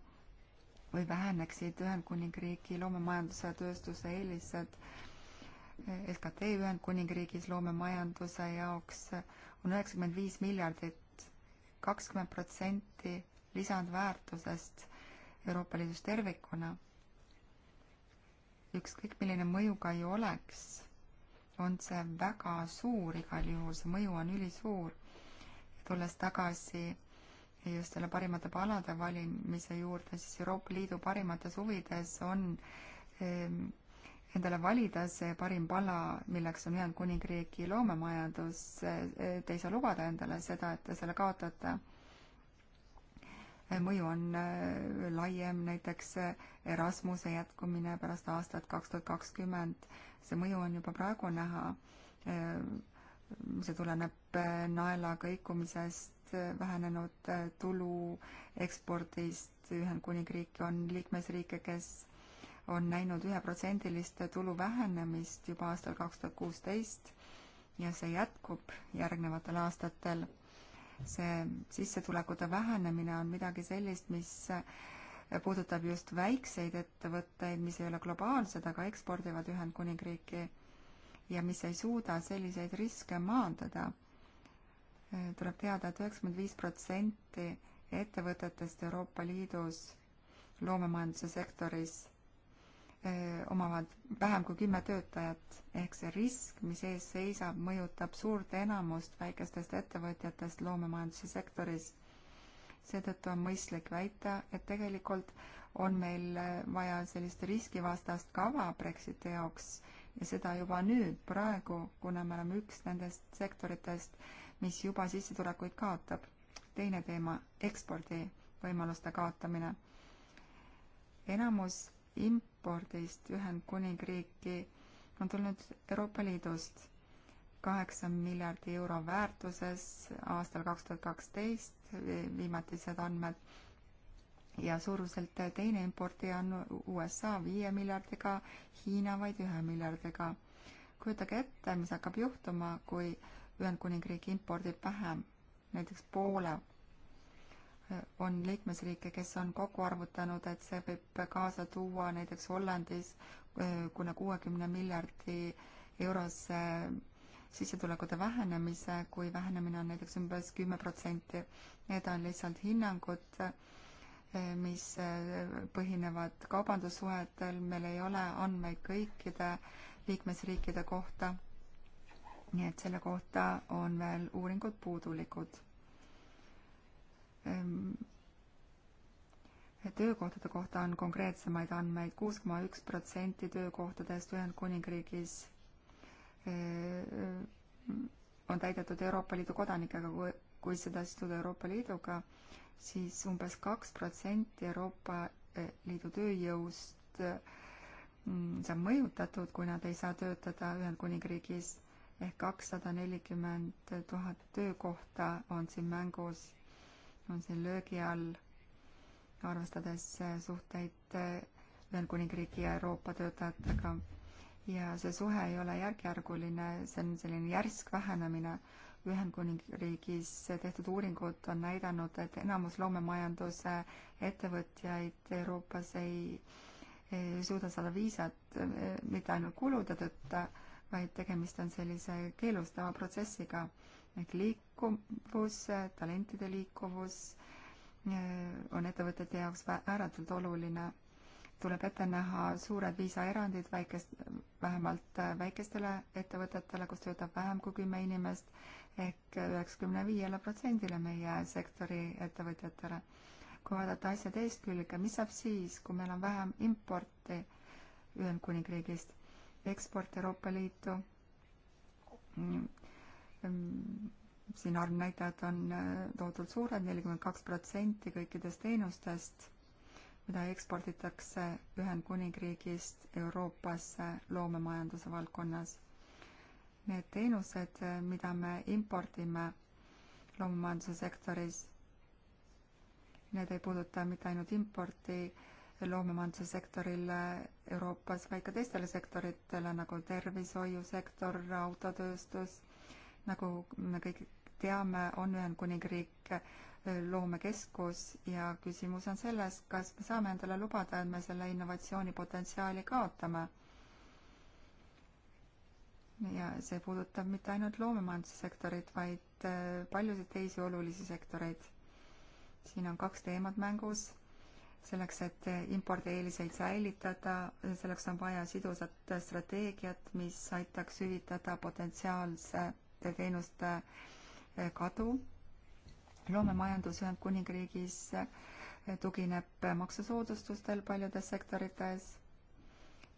või väheneksid Ühendkuningriigi loomemajanduse tööstuse eelised SKT Ühendkuningriigis loomemajanduse jaoks äh, on üheksakümmend viis miljardit, kakskümmend protsenti lisandväärtusest Euroopa Liidus tervikuna. ükskõik, milline mõju ka ei oleks, on see väga suur igal juhul, see mõju on ülisuur. tulles tagasi just selle parimate palade valimise juurde, siis Euroopa Liidu parimates huvides on ehm, endale valida see parim pala, milleks on Ühendkuningriigi loomemajandus, te ei saa lubada endale seda, et te selle kaotate. mõju on äh, laiem, näiteks äh, Erasmuse jätkumine pärast aastat kaks tuhat kakskümmend, see mõju on juba praegu näha, äh, see tuleneb naela kõikumisest, vähenenud tulu ekspordist, Ühendkuningriik on liikmesriike, kes on näinud üheprotsendilist tulu vähenemist juba aastal kaks tuhat kuusteist ja see jätkub järgnevatel aastatel. see sissetulekute vähenemine on midagi sellist, mis puudutab just väikseid ettevõtteid, mis ei ole globaalsed, aga ekspordivad Ühendkuningriiki ja mis ei suuda selliseid riske maandada. tuleb teada et, et üheksakümmend viis protsenti ettevõtetest Euroopa Liidus loomemajanduse sektoris Eh, omavad vähem kui kümme töötajat ehk see risk, mis ees seisab, mõjutab suurt enamust väikestest ettevõtjatest loomemajanduse sektoris. seetõttu on mõistlik väita, et tegelikult on meil eh, vaja sellist riskivastast kava Brexiti jaoks ja seda juba nüüd, praegu, kuna me oleme üks nendest sektoritest, mis juba sissetulekuid kaotab. teine teema, ekspordi võimaluste kaotamine. enamus impordist Ühendkuningriiki on tulnud Euroopa Liidust kaheksa miljardi euro väärtuses aastal kaks tuhat kaksteist, viimatised andmed, ja suuruselt teine importija on USA viie miljardiga, Hiina vaid ühe miljardiga. kujutage ette, mis hakkab juhtuma, kui Ühendkuningriik impordib vähem, näiteks poole on liikmesriike, kes on kokku arvutanud, et see võib kaasa tuua näiteks Hollandis eh, kuna kuuekümne miljardi eurose sissetulekute vähenemise, kui vähenemine on näiteks umbes kümme protsenti. Need on lihtsalt hinnangud, eh, mis eh, põhinevad kaubandussuhetel, meil ei ole andmeid kõikide liikmesriikide kohta. nii et selle kohta on veel uuringud puudulikud Ehm, töökohtade kohta on konkreetsemaid andmeid, kuus koma üks protsenti töökohtadest Ühendkuningriigis eh, on täidetud Euroopa Liidu kodanikega, kui seda siduda Euroopa Liiduga, siis umbes kaks protsenti Euroopa eh, Liidu tööjõust mm, saab mõjutatud, kui nad ei saa töötada Ühendkuningriigis ehk kakssada nelikümmend tuhat töökohta on siin mängus on siin löögi all, arvestades äh, suhteid äh, Ühendkuningriigi ja Euroopa töötajatega. ja see suhe ei ole järkjärguline, see on selline järsk vähenemine. Ühendkuningriigis tehtud uuringud on näidanud, et enamus loomemajanduse ettevõtjaid Euroopas ei, ei suuda saada viisat äh, mitte ainult kulude tõttu, vaid tegemist on sellise keelustava protsessiga ehk liikuvus, talentide liikuvus äh, on ettevõtete jaoks ääretult oluline. tuleb ette näha suured viisaerandid väikest, vähemalt äh, väikestele ettevõtetele, kus töötab vähem kui kümme inimest ehk üheksakümne viiele protsendile meie sektori ettevõtjatele. kui vaadata asja teist külge, mis saab siis, kui meil on vähem importi Ühendkuningriigist, eksport Euroopa Liitu mm. Ehm, siin arvnäitajad on äh, toodud suured, nelikümmend kaks protsenti kõikidest teenustest, mida eksporditakse Ühendkuningriigist Euroopasse loomemajanduse valdkonnas. Need teenused, äh, mida me impordime loomemajanduse sektoris, need ei puuduta mitte ainult importi loomemajanduse sektorile Euroopas, vaid ka teistele sektoritele nagu tervishoiusektor, autotööstus nagu me kõik teame, on Ühendkuningriik äh, loomekeskus ja küsimus on selles, kas me saame endale lubada, et me selle innovatsioonipotentsiaali kaotame. ja see puudutab mitte ainult loomemajandussektorit, vaid äh, paljusid teisi olulisi sektoreid. siin on kaks teemat mängus selleks, et impordieeliseid säilitada, selleks on vaja sidusat strateegiat, mis aitaks hüvitada potentsiaalse teenuste eh, kadu. loomemajandus Ühendkuningriigis eh, tugineb maksusoodustustel paljudes sektorites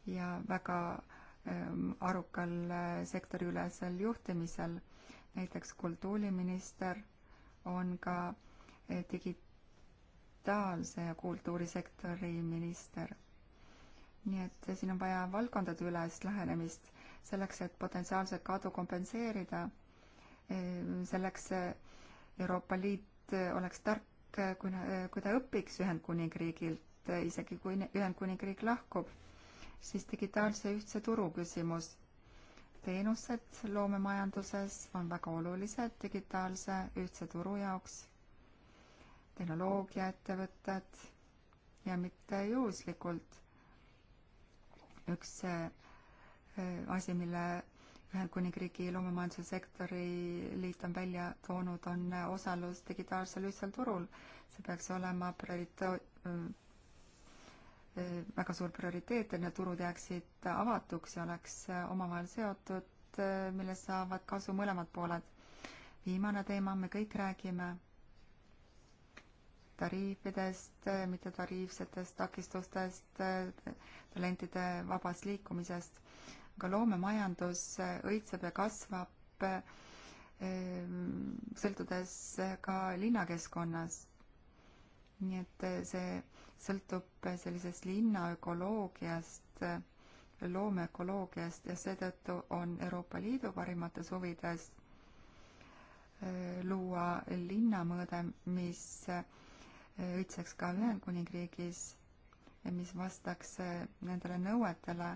ja väga ehm, arukal eh, sektoriülesel juhtimisel. näiteks kultuuriminister on ka digitaalse ja kultuurisektori minister. nii et siin on vaja valdkondadeülest lähenemist selleks, et potentsiaalset kadu kompenseerida. Eh, selleks eh, Euroopa Liit eh, oleks tark, kui, kui ta õpiks Ühendkuningriigilt, isegi kui Ühendkuningriik lahkub, siis digitaalse ühtse turu küsimus. teenused loomemajanduses on väga olulised digitaalse ühtse turu jaoks. tehnoloogiaettevõtted ja mitte juhuslikult üks Äh, asi, mille Ühendkuningriigi loomemajanduse sektori liit on välja toonud, on äh, osalus digitaalsel ühisel turul. see peaks olema prioriteet, äh, väga suur prioriteet, et need turud jääksid avatuks ja oleks omavahel seotud, millest saavad kasu mõlemad pooled. viimane teema, me kõik räägime tariifidest, mittetariifsetest takistustest, talentide vabast liikumisest ka loomemajandus õitseb ja kasvab ehm, sõltudes ka linnakeskkonnast. nii et see sõltub sellisest linna ökoloogiast, loomeökoloogiast ja seetõttu on Euroopa Liidu parimates huvides ehm, luua linnamõõde, mis ehm, õitseks ka Ühendkuningriigis ja mis vastaks nendele nõuetele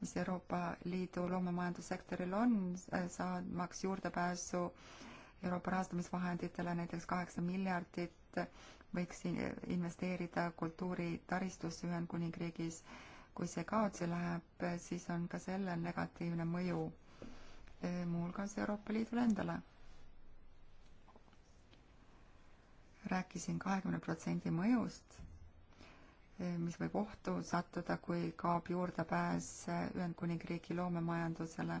mis Euroopa Liidu loomemajandussektoril on, saamaks juurdepääsu Euroopa rahastamisvahenditele, näiteks kaheksa miljardit võiks investeerida kultuuritaristusse Ühendkuningriigis. kui see kaotsi läheb, siis on ka sellel negatiivne mõju eh, muuhulgas Euroopa Liidule endale. rääkisin kahekümne protsendi mõjust mis võib ohtu sattuda, kui kaob juurdepääs Ühendkuningriigi loomemajandusele.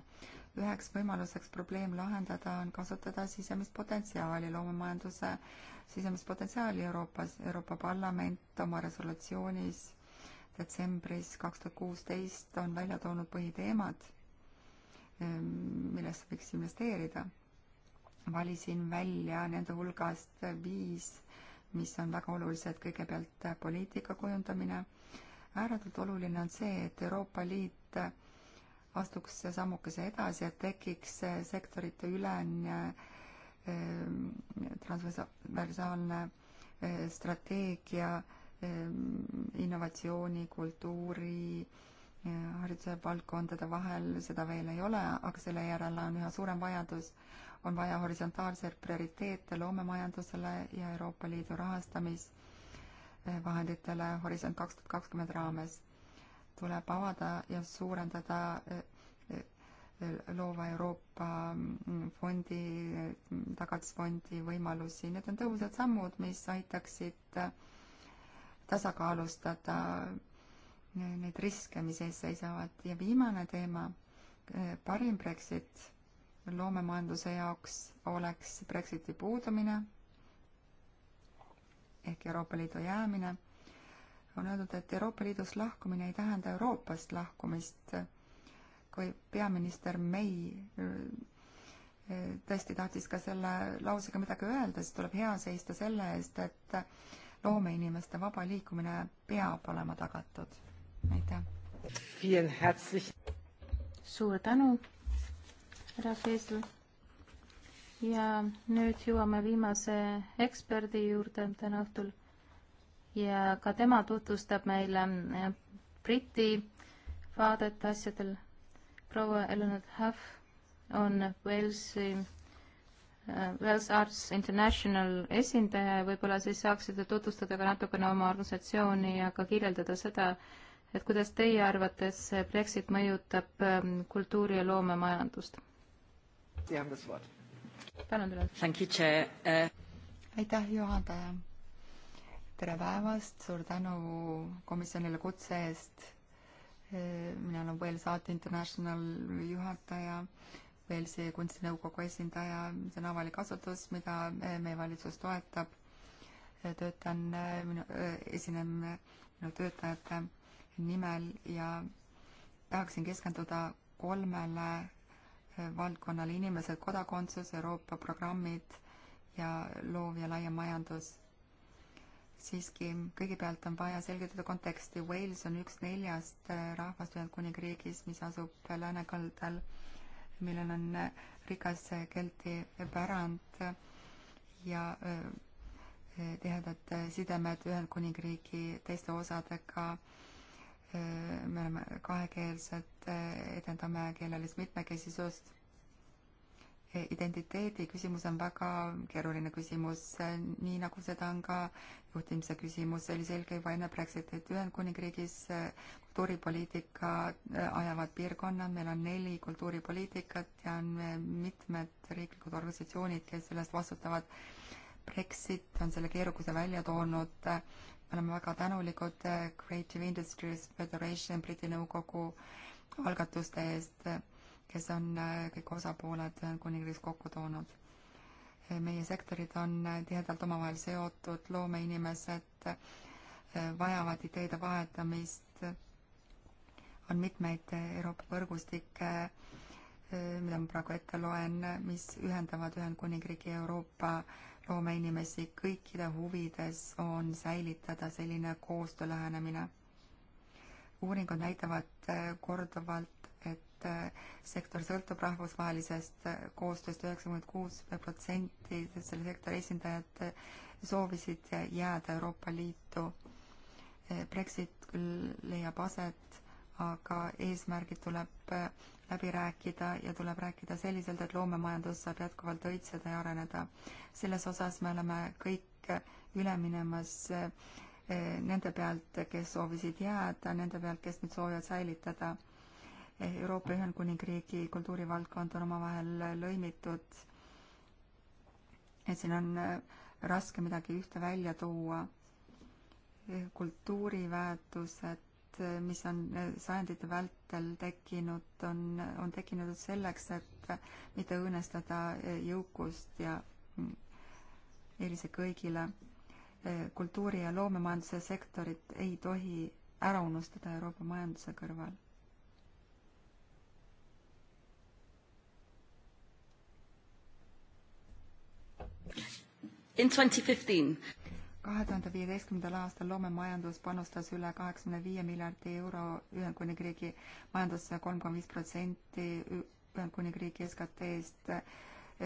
üheks võimaluseks probleem lahendada on kasutada sisemist potentsiaali, loomemajanduse sisemist potentsiaali Euroopas. Euroopa Parlament oma resolutsioonis detsembris kaks tuhat kuusteist on välja toonud põhiteemad, millesse võiks investeerida. valisin välja nende hulgast viis mis on väga olulised, kõigepealt äh, poliitika kujundamine. ääretult oluline on see, et Euroopa Liit äh, astuks sammukese edasi, et tekiks äh, sektorite ülene transversaalne strateegia innovatsiooni, kultuuri, hariduse valdkondade vahel, seda veel ei ole, aga selle järele on üha suurem vajadus on vaja horisontaalseid prioriteete loomemajandusele ja Euroopa Liidu rahastamisvahenditele Horisont kaks tuhat kakskümmend raames. tuleb avada ja suurendada e, e, e, loova Euroopa mm, fondi, tagatisfondi võimalusi, need on tõhusad sammud, mis aitaksid tasakaalustada neid riske, mis ees seisavad ja viimane teema, parim Brexit loomemajanduse jaoks oleks Brexiti puudumine ehk Euroopa Liidu jäämine. on öeldud, et Euroopa Liidust lahkumine ei tähenda Euroopast lahkumist. kui peaminister May eh, tõesti tahtis ka selle lausega midagi öelda, siis tuleb hea seista selle eest, et loomeinimeste vaba liikumine peab olema tagatud. aitäh! suur tänu! härra Feisel. ja nüüd jõuame viimase eksperdi juurde täna õhtul ja ka tema tutvustab meile eh, Briti vaadet asjadel. proua Eleanor Huff on Walesi eh, Wells Arts International esindaja ja võib-olla siis saaksite tutvustada ka natukene oma organisatsiooni ja ka kirjeldada seda, et kuidas teie arvates Brexit mõjutab eh, kultuuri- ja loomemajandust? Sie haben das Wort. palun, Tule. Uh, aitäh, juhataja. tere päevast, suur tänu komisjonile kutse eest. Eh, mina olen Wales Art International juhataja, Walesi kunstinõukogu esindaja, see on avalik asutus, mida eh, meie valitsus toetab. Eh, töötan, esinen minu töötajate nimel ja tahaksin keskenduda kolmele valdkonnale inimesed, kodakondsus, Euroopa programmid ja loov ja laiem majandus. siiski kõigepealt on vaja selgitada konteksti, Wales on üks neljast äh, rahvast Ühendkuningriigis, mis asub läänekaldal, millel on äh, rikas äh, kelti pärand ja tihedad sidemed Ühendkuningriigi teiste osadega äh, me oleme kahekeelsed, eh, edendame keelelist mitmekesisust. E, identiteedi küsimus on väga keeruline küsimus, nii nagu seda on ka juhtimise küsimus, see oli selge juba enne Brexitit Ühendkuningriigis, eh, kultuuripoliitika eh, ajavad piirkonnad, meil on neli kultuuripoliitikat ja on mitmed riiklikud organisatsioonid, kes sellest vastutavad. Brexit on selle keerukuse välja toonud, oleme väga tänulikud eh, Creative Industries Federation Briti nõukogu algatuste eest, eh, kes on eh, kõik osapooled Ühendkuningriigis kokku toonud. meie sektorid on tihedalt omavahel seotud, loomeinimesed vajavad ideede vahetamist, on mitmeid Euroopa võrgustikke, mida ma praegu ette loen, mis ühendavad Ühendkuningriigi Euroopa äh, loomeinimesi, kõikide huvides on säilitada selline koostöö lähenemine. uuringud näitavad äh, korduvalt, et äh, sektor sõltub rahvusvahelisest äh, koostööst, üheksakümmend kuus protsenti selle sektori esindajad soovisid jääda Euroopa Liitu. Brexit küll leiab aset, aga eesmärgid tuleb läbi rääkida ja tuleb rääkida selliselt, et loomemajandus saab jätkuvalt õitseda ja areneda. selles osas me oleme kõik üle minemas eh, nende pealt, kes soovisid jääda, nende pealt, kes nüüd soovivad säilitada. Eh, Euroopa Ühendkuningriigi kultuurivaldkond on omavahel lõimitud. et siin on eh, raske midagi ühte välja tuua. kultuuriväärtused Äh, mis on äh, sajandite vältel tekkinud, on, on tekkinud selleks, et äh, mitte õõnestada jõukust ja mm, eelise kõigile. kultuuri- ja loomemajanduse sektorit ei tohi ära unustada Euroopa majanduse kõrval. In 2015 kahe tuhande viieteistkümnendal aastal loomemajandus panustas üle kaheksakümne viie miljardi euro Ühendkuningriigi majandusse kolm koma viis protsenti Ühendkuningriigi SKT-st.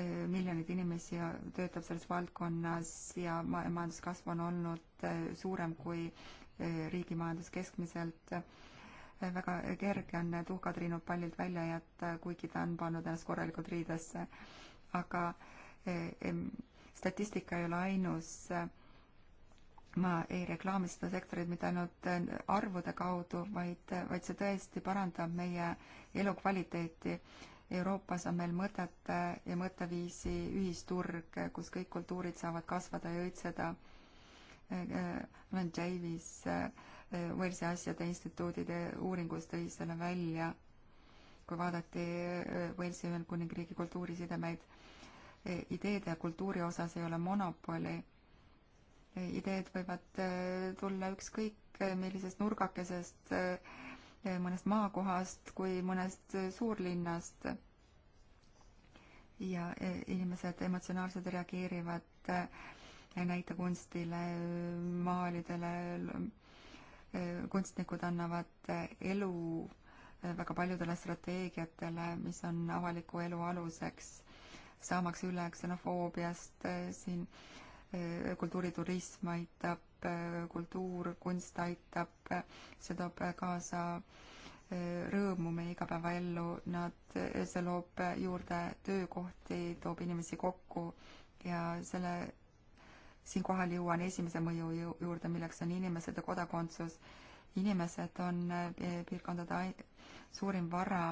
Eh, miljoneid inimesi töötab selles valdkonnas ja majanduskasv on olnud eh, suurem kui eh, riigi majandus keskmiselt. väga kerge on tuhkatriinud pallilt välja jätta, kuigi ta on pannud ennast korralikult riidesse. aga statistika ei ole ainus ma ei reklaami seda sektorit mitte ainult äh, arvude kaudu, vaid, äh, vaid see tõesti parandab meie elukvaliteeti. Euroopas on meil mõtete äh, ja mõtteviisi ühisturg, kus kõik kultuurid saavad kasvada ja õitseda. olen Javis Walesi asjade instituudide uuringus tõi selle välja, kui vaadati Walesi Ühendkuningriigi kultuurisidemeid. ideede ja kultuuri osas ei ole monopoli ideed võivad äh, tulla ükskõik äh, millisest nurgakesest, äh, mõnest maakohast kui mõnest suurlinnast. ja inimesed emotsionaalselt reageerivad näitekunstile, maalidele, kunstnikud annavad elu väga paljudele strateegiatele, mis on avaliku elu aluseks, saamaks üle ksenofoobiast siin äh, kultuuriturism aitab, kultuur, kunst aitab, see toob kaasa e, rõõmu meie igapäevaellu, nad, see loob juurde töökohti, toob inimesi kokku ja selle, siinkohal jõuan esimese mõju juurde, milleks on inimesed ja kodakondsus. inimesed on e, piirkondade suurim vara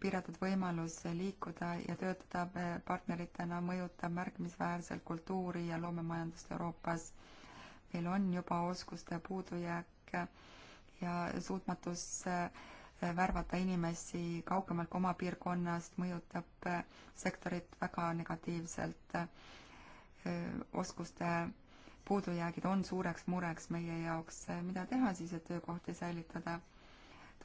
piiratud võimalus liikuda ja töötada eh, partneritena mõjutab märkimisväärselt kultuuri ja loomemajandust Euroopas. meil on juba oskuste puudujääk eh, ja suutmatus eh, värvata inimesi kaugemalt kui oma piirkonnast mõjutab sektorit väga negatiivselt. oskuste puudujäägid on suureks mureks meie jaoks, mida teha siis, et töökohti säilitada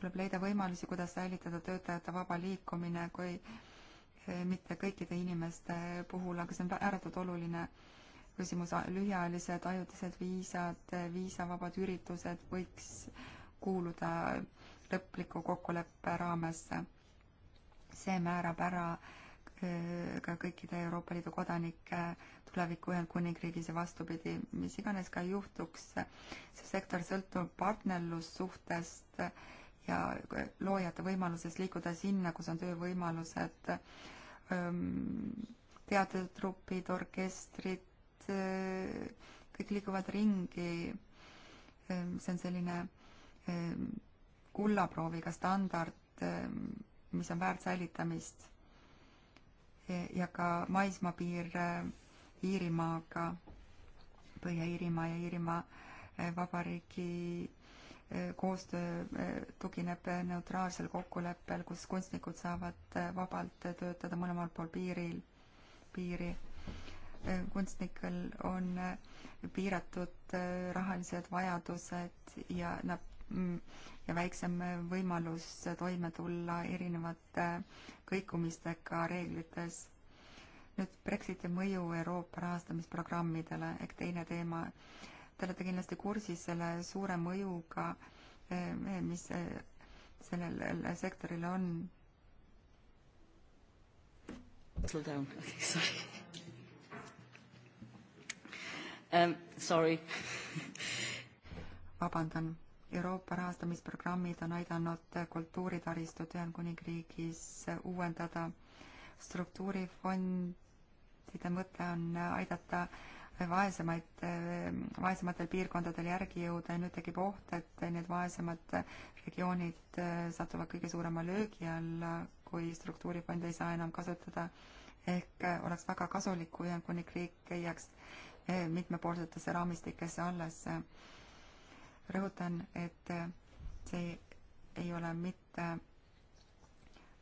tuleb leida võimalusi, kuidas säilitada töötajate vaba liikumine, kui eh, mitte kõikide inimeste puhul, aga see on ääretult oluline küsimus, lühiajalised ajutised viisad, viisavabad üritused võiks kuuluda lõpliku kokkuleppe raamesse. see määrab ära eh, ka kõikide Euroopa Liidu kodanike tuleviku Ühendkuningriigis ja vastupidi, mis iganes ka ei juhtuks, see sektor sõltub partnerlussuhtest äh, ja loojate võimaluses liikuda sinna, kus on töövõimalused, ähm, teatritrupid, orkestrid, äh, kõik liiguvad ringi. Ähm, see on selline ähm, kullaprooviga standard, mis on väärt säilitamist. ja ka maismaapiir äh, Iirimaaga, Põhja-Iirimaa ja Iirimaa äh, Vabariigi koostöö eh, tugineb neutraalsel kokkuleppel, kus kunstnikud saavad eh, vabalt töötada mõlemal pool piiril, piiri. Eh, kunstnikel on piiratud rahalised vajadused ja nad mm, ja väiksem võimalus toime tulla erinevate kõikumistega reeglites. nüüd Brexiti mõju Euroopa rahastamisprogrammidele ehk teine teema Te olete kindlasti kursis selle suure mõjuga, eh, eh, mis eh, sellele sektorile on. Slow down, okay, sorry um,. Sorry vabandan. Euroopa rahastamisprogrammid on aidanud kultuuritaristut Ühendkuningriigis uuendada. struktuurifondide mõte on aidata äh, vaesemaid, eh, vaesematel piirkondadel järgi jõuda ja nüüd tekib oht, et need vaesemad regioonid eh, satuvad kõige suurema löögi alla, kui struktuurifonde ei saa enam kasutada. ehk eh, oleks väga kasulik, kui Ühendkuningriik jääks mitmepoolsetesse raamistikesse alles. rõhutan, et see ei ole mitte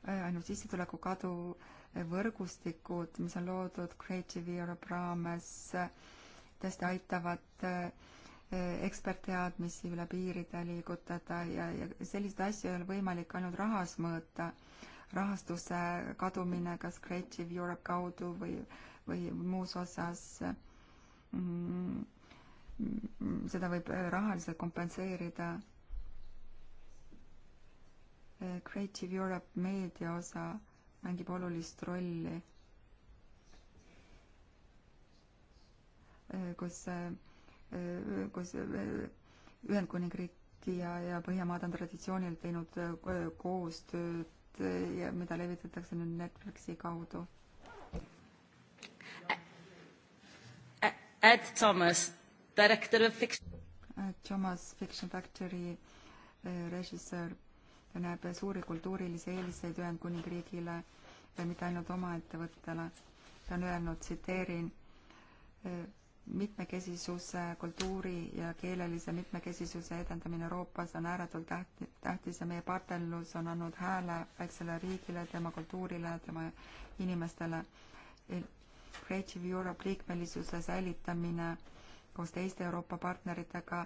ainult sissetuleku kadu, võrgustikud, mis on loodud Creative Europe raames, tõesti aitavad eh, ekspertteadmisi üle piiride liigutada ja, ja selliseid asju ei ole võimalik ainult rahas mõõta. rahastuse kadumine kas Creative Europe kaudu või, või muus osas mm, seda võib eh, rahaliselt kompenseerida eh, Creative Europe meedia osa mängib olulist rolli, äh, kus, äh, kus äh, Ühendkuningriik ja, ja Põhjamaad on traditsioonil teinud koostööd ja mida levitatakse nüüd Netflixi kaudu. Ed Thomas, director of Fiction. Thomas Fiction Factory režissöör ta näeb suuri kultuurilisi eeliseid Ühendkuningriigile ja mitte ainult oma ettevõttele. ta on öelnud, tsiteerin, eh, mitmekesisuse, kultuuri ja keelelise mitmekesisuse edendamine Euroopas on ääretult täht-, tähtis ja meie partnerlus on andnud hääle väiksele riigile, tema kultuurile, tema inimestele. Creative Europe liikmelisuse säilitamine koos teiste Euroopa partneritega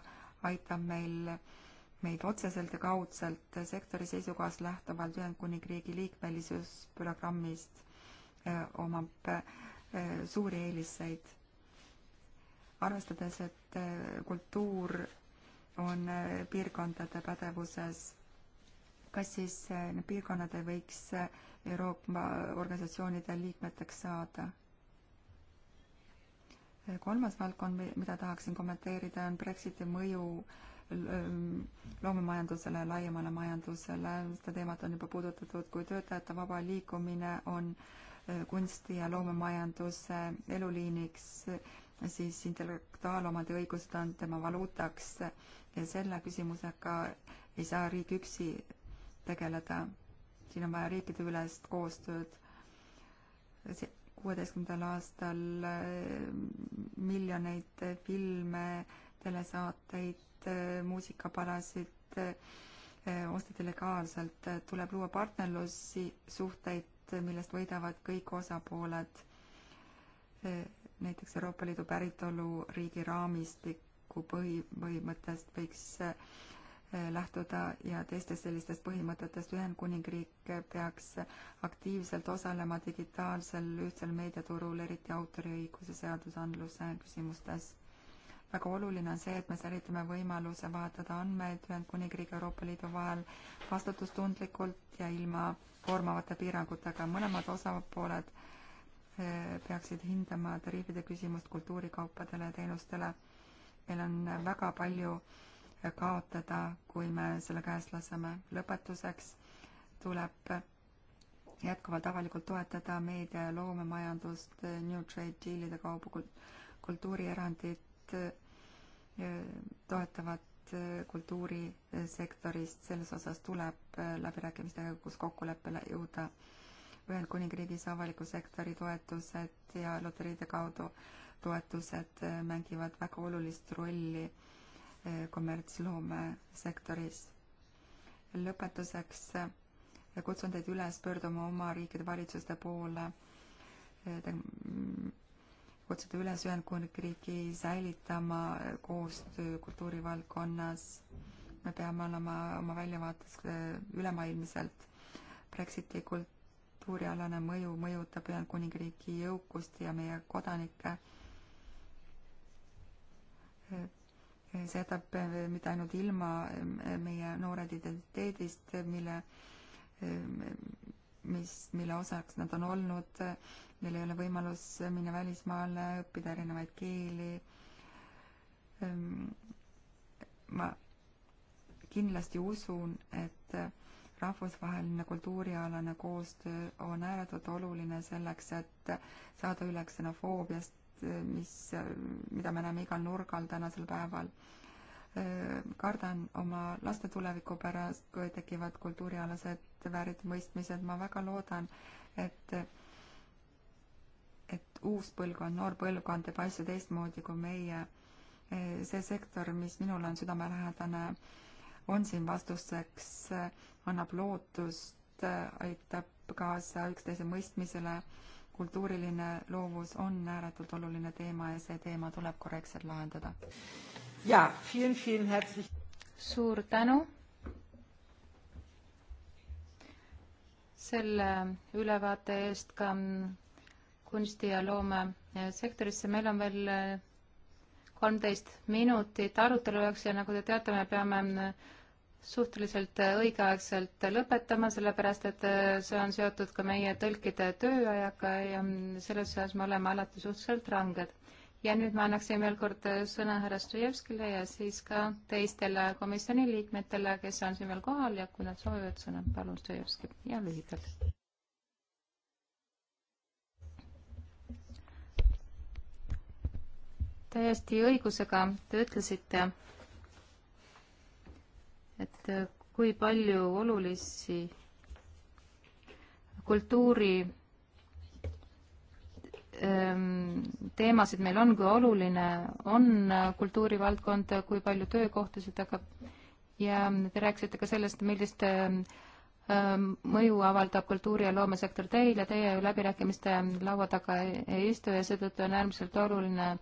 aitab meil äh, meid otseselt ja kaudselt sektori seisukohast lähtuvalt Ühendkuningriigi liikmelisusprogrammist omab suuri eeliseid. arvestades, et kultuur on piirkondade pädevuses, kas siis need piirkonnad ei võiks Euroopa organisatsioonide liikmeteks saada? kolmas valdkond, mida tahaksin kommenteerida, on Brexiti mõju äh, loomemajandusele ja laiemale majandusele, seda teemat on juba puudutatud, kui töötajate vaba liikumine on kunsti ja loomemajanduse eluliiniks, siis intellektuaalomandi õigused on tema valuutaks ja selle küsimusega ei saa riik üksi tegeleda. siin on vaja riikideülest koostööd. kuueteistkümnendal aastal miljoneid filme, telesaateid et äh, muusikaparasid äh, osta legaalselt, äh, tuleb luua partnerlusi, suhteid, millest võidavad kõik osapooled, näiteks Euroopa Liidu päritoluriigi raamistiku põhi, põhimõttest võiks lähtuda ja teistest sellistest põhimõtetest Ühendkuningriik peaks aktiivselt osalema digitaalsel ühtsel meediaturul, eriti autoriõiguse seadusandluse küsimustes väga oluline on see, et me säilitame võimaluse vahetada andmeid Ühendkuningriigi Euroopa Liidu vahel vastutustundlikult ja ilma koormavate piirangutega. mõlemad osapooled eh, peaksid hindama tariifide küsimust kultuurikaupadele ja teenustele. meil on väga palju eh, kaotada, kui me selle käest laseme. lõpetuseks tuleb jätkuvalt avalikult toetada meedia ja loomemajandust, eh, New Trade Dealide kaubu, kultuurierandit, toetavad äh, kultuurisektorist, selles osas tuleb äh, läbirääkimistega, kus kokkuleppele jõuda. Ühendkuningriigis avaliku sektori toetused ja loteriide kaudu toetused äh, mängivad väga olulist rolli kommertsloome sektoris. lõpetuseks kutsun teid üles pöörduma oma riikide valitsuste poole kutsuda üles Ühendkuningriigi säilitama koostöö kultuurivaldkonnas. me peame olema oma väljavaates äh, ülemaailmselt. Brexiti kultuurialane mõju mõjutab Ühendkuningriigi jõukust ja meie kodanikke. Äh, see jätab äh, mitte ainult ilma meie noored identiteedist, mille mis, mille osaks nad on olnud, neil ei ole võimalus minna välismaale, õppida erinevaid keeli. Ehm, ma kindlasti usun, et rahvusvaheline kultuurialane koostöö on ääretult oluline selleks, et saada üle ksenofoobiast, mis, mida me näeme igal nurgal tänasel päeval. Ehm, kardan oma laste tuleviku pärast, kui tekivad kultuurialased vääritimõistmised, ma väga loodan, et et uus põlvkond, noor põlvkond teeb asju teistmoodi kui meie. see sektor, mis minule on südamelähedane, on siin vastuseks, annab lootust, aitab kaasa üksteise mõistmisele. kultuuriline loovus on ääretult oluline teema ja see teema tuleb korrektselt lahendada. jaa, suur tänu selle ülevaate eest ka kunsti ja loomesektorisse. Eh, meil on veel eh, kolmteist minutit arutelu jaoks ja nagu te teate, me peame eh, suhteliselt õigeaegselt lõpetama, sellepärast et see on seotud ka meie tõlkide tööajaga ja mm, selles osas me oleme alati suhteliselt ranged. ja nüüd ma annaksin veel kord sõna härra Strojevskile ja siis ka teistele komisjoni liikmetele, kes on siin veel kohal ja kui nad soovivad sõna, palun Strojevski ja lühidalt. täiesti õigusega te ütlesite, et kui palju olulisi kultuuri ähm, teemasid meil on, kui oluline on kultuurivaldkond, kui palju töökohtasid, aga ja te rääkisite ka sellest, millist ähm, ähm, mõju avaldab kultuuri- ja loomesektor teile, teie läbirääkimiste laua taga ei istu ja seetõttu on äärmiselt oluline äh,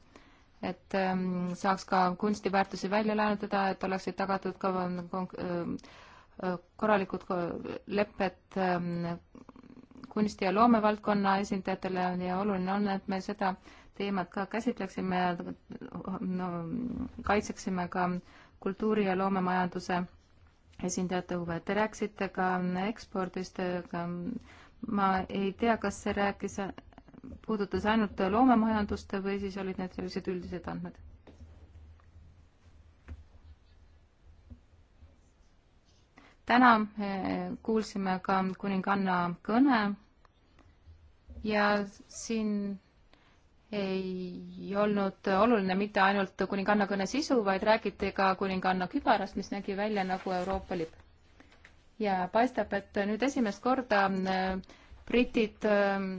et ähm, saaks ka kunstiväärtusi välja laenutada, et oleksid tagatud ka ähm, äh, äh, korralikud lepped ähm, kunsti- ja loomevaldkonna esindajatele ja oluline on, et me seda teemat ka käsitleksime ja no, kaitseksime ka kultuuri- ja loomemajanduse esindajate huve. Te rääkisite ka ekspordist, aga ma ei tea, kas see rääkis puudutas ainult loomemajandust või siis olid need sellised üldised andmed? täna eh, kuulsime ka kuninganna kõne ja siin ei olnud oluline mitte ainult kuninganna kõne sisu, vaid räägiti ka kuninganna kübarast, mis nägi välja nagu Euroopa lipp. ja paistab, et nüüd esimest korda eh, britid äh,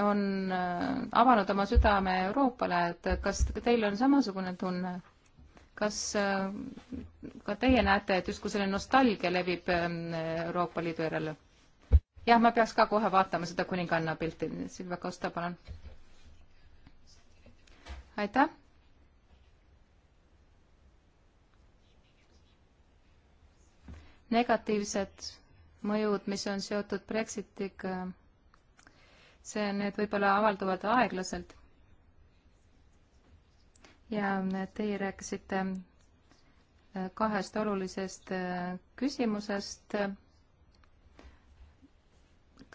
on äh, avanud oma südame Euroopale, et kas teil on samasugune tunne? kas äh, ka teie näete, et justkui selline nostalgia levib ähm, Euroopa Liidu järele? jah, ma peaks ka kohe vaatama seda kuninganna pilti, Silvia Kosta, palun. aitäh. negatiivsed mõjud, mis on seotud Brexitiga see, need võib-olla avalduvad aeglaselt. ja teie rääkisite äh, kahest olulisest äh, küsimusest,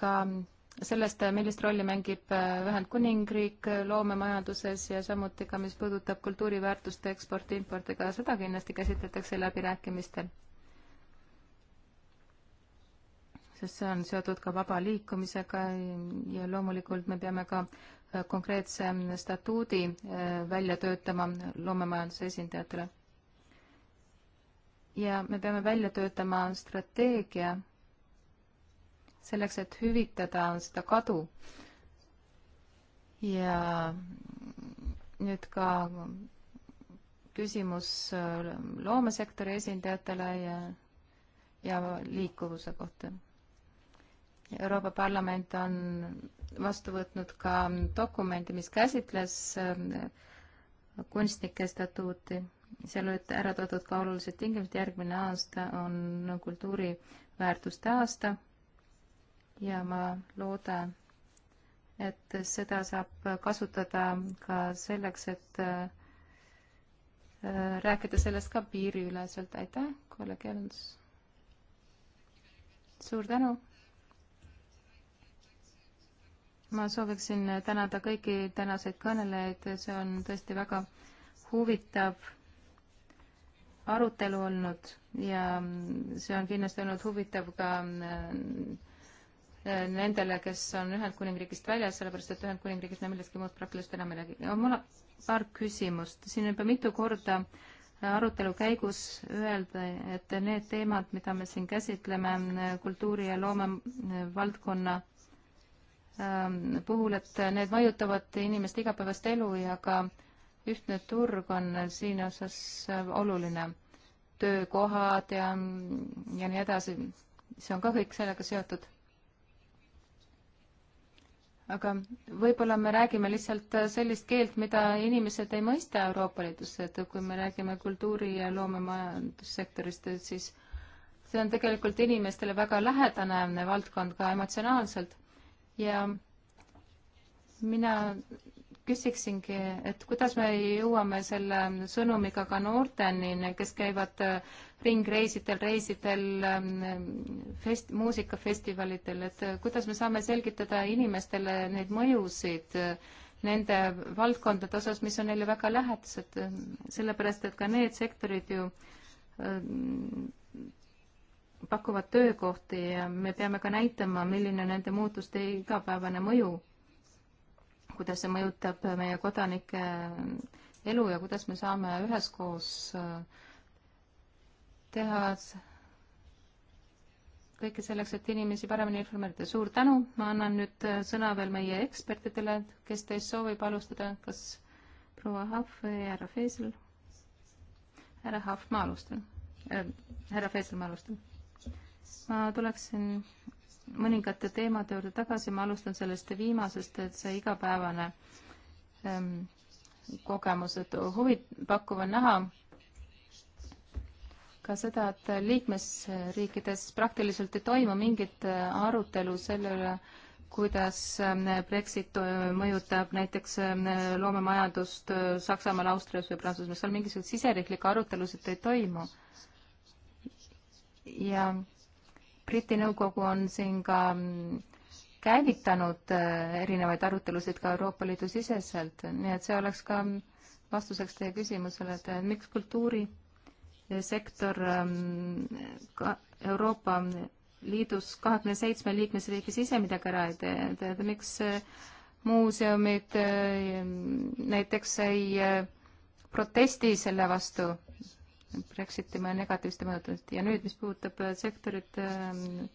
ka sellest, äh, millist rolli mängib Ühendkuningriik loomemajanduses ja samuti ka, mis puudutab kultuuriväärtuste eksporti-importi, ka seda kindlasti käsitletakse läbirääkimistel sest see on seotud ka vaba liikumisega ja loomulikult me peame ka äh, konkreetse mm, statuudi äh, välja töötama loomemajanduse esindajatele. ja me peame välja töötama strateegia selleks, et hüvitada seda kadu ja nüüd ka küsimus äh, loomesektori esindajatele ja, ja liikuvuse kohta Euroopa Parlament on vastu võtnud ka dokumendi, mis käsitles äh, kunstnike statuuti. seal olid ära toodud ka olulised tingimused, järgmine aasta on kultuuriväärtuste aasta ja ma loodan, et seda saab kasutada ka selleks, et äh, rääkida sellest ka piiriüleselt. aitäh, kolleeg Jens! suur tänu! ma sooviksin tänada kõiki tänaseid kõnelejaid, see on tõesti väga huvitav arutelu olnud ja see on kindlasti olnud huvitav ka äh, nendele, kes on Ühendkuningriigist väljas, sellepärast et Ühendkuningriigis me millestki muud praktiliselt enam ei räägi. mul on paar küsimust, siin juba mitu korda arutelu käigus öelda, et need teemad, mida me siin käsitleme kultuuri ja loome valdkonna Ähm, puhul, et need mõjutavad inimeste igapäevast elu ja ka ühtne turg on siin osas äh, oluline. töökohad ja, ja nii edasi, see on ka kõik sellega seotud. aga võib-olla me räägime lihtsalt äh, sellist keelt, mida inimesed ei mõista Euroopa Liidus, et kui me räägime kultuuri ja loomemajandussektorist, siis see on tegelikult inimestele väga lähedane valdkond ka emotsionaalselt ja mina küsiksingi, et kuidas me jõuame selle sõnumiga ka noorteni, kes käivad äh, ringreisidel, reisidel, ähm, fest-, muusikafestivalidel, et äh, kuidas me saame selgitada inimestele neid mõjusid äh, nende valdkondade osas, mis on neile väga lähedased, sellepärast et ka need sektorid ju pakuvad töökohti ja me peame ka näitama, milline nende muutuste igapäevane mõju, kuidas see mõjutab meie kodanike elu ja kuidas me saame üheskoos äh, teha kõike selleks, et inimesi paremini informeerida. suur tänu, ma annan nüüd äh, sõna veel meie ekspertidele, kes teist soovib alustada, kas proua Hahv või härra Feisel? härra Hahv, ma alustan äh,. härra Feisel, ma alustan ma tuleksin mõningate teemade juurde tagasi, ma alustan sellest viimasest, et see igapäevane ähm, kogemus, et huvipakkuv on näha ka seda, et liikmesriikides praktiliselt ei toimu mingit äh, arutelu selle üle, kuidas ähm, Brexit äh, mõjutab näiteks ähm, loomemajandust äh, Saksamaal, Austrias või Prantsusmaal, seal mingisuguseid siseriiklikke arutelusid ei toimu. ja Briti nõukogu on siin ka mm, käivitanud äh, erinevaid arutelusid ka Euroopa Liidu siseselt, nii et see oleks ka mm, vastuseks teie küsimusele, et äh, miks kultuurisektor äh, mm, ka Euroopa Liidus kahekümne seitsme liikmesriigi sise midagi ära ei tee, et miks muuseumid näiteks ei protesti selle vastu, Brexiti negatiivsete mõjudest ja nüüd, mis puudutab äh, sektorit ähm,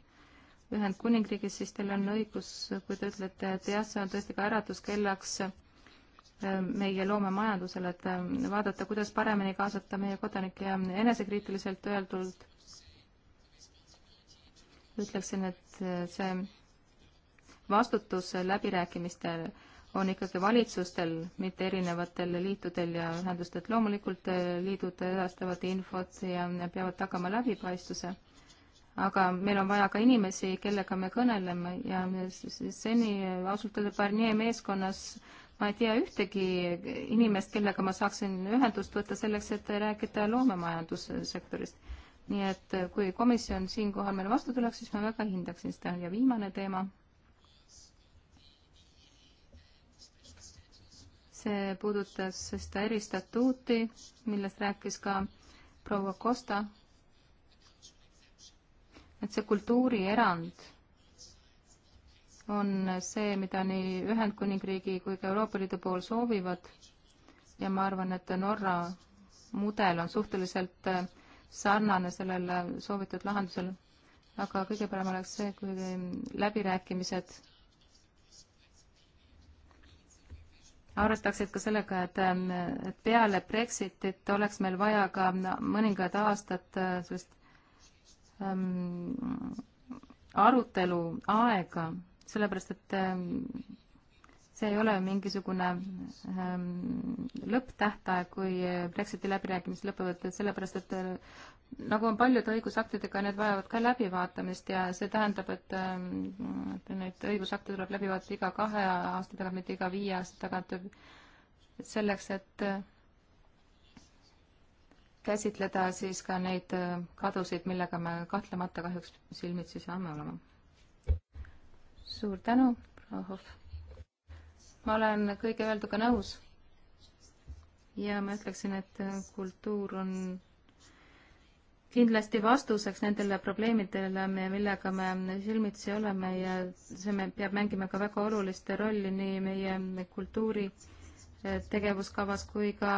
Ühendkuningriigis, siis teil on õigus, kui te ütlete, et jah, see on tõesti ka äratuskellaks ähm, meie loomemajandusele, et ähm, vaadata, kuidas paremini kaasata meie kodanikke ja enesekriitiliselt öeldult ütleksin, et äh, see vastutus läbirääkimistel on ikkagi valitsustel, mitte erinevatel liitudel ja ühendustel. loomulikult äh, liidud edastavad infot ja peavad tagama läbipaistvuse, aga meil on vaja ka inimesi, kellega me kõneleme ja seni äh, ausalt öelda Barnier meeskonnas ma ei tea ühtegi inimest, kellega ma saaksin ühendust võtta selleks, et rääkida loomemajandussektorist. nii et äh, kui komisjon siinkohal meile vastu tuleks, siis ma väga hindaksin seda ja viimane teema see puudutas seda eristatuuti, millest rääkis ka proua Costa, et see kultuurierand on see, mida nii Ühendkuningriigi kui ka Euroopa Liidu pool soovivad ja ma arvan, et Norra mudel on suhteliselt äh, sarnane sellele soovitud lahendusele. aga kõige parem oleks see, kui läbirääkimised arvestaksid ka sellega, et, et peale Brexitit oleks meil vaja ka mõningad aastad äh, sellist ähm, arutelu aega, sellepärast et ähm, see ei ole mingisugune ähm, lõpptähtaeg, kui Brexiti läbirääkimised lõpevad, sellepärast et äh, nagu on paljude õigusaktidega, need vajavad ka läbivaatamist ja see tähendab, et, et ähm, neid õigusakte tuleb läbi vaadata iga kahe aasta tagant, mitte iga viie aasta tagant, selleks, et äh, käsitleda siis ka neid äh, kadusid, millega me kahtlemata kahjuks silmitsi saame olema. suur tänu, Rahov. ma olen kõige öelduga nõus ja ma ütleksin, et kultuur on kindlasti vastuseks nendele probleemidele, millega me silmitsi oleme ja see me, peab mängima ka väga olulist rolli nii meie kultuuri eh, tegevuskavas kui ka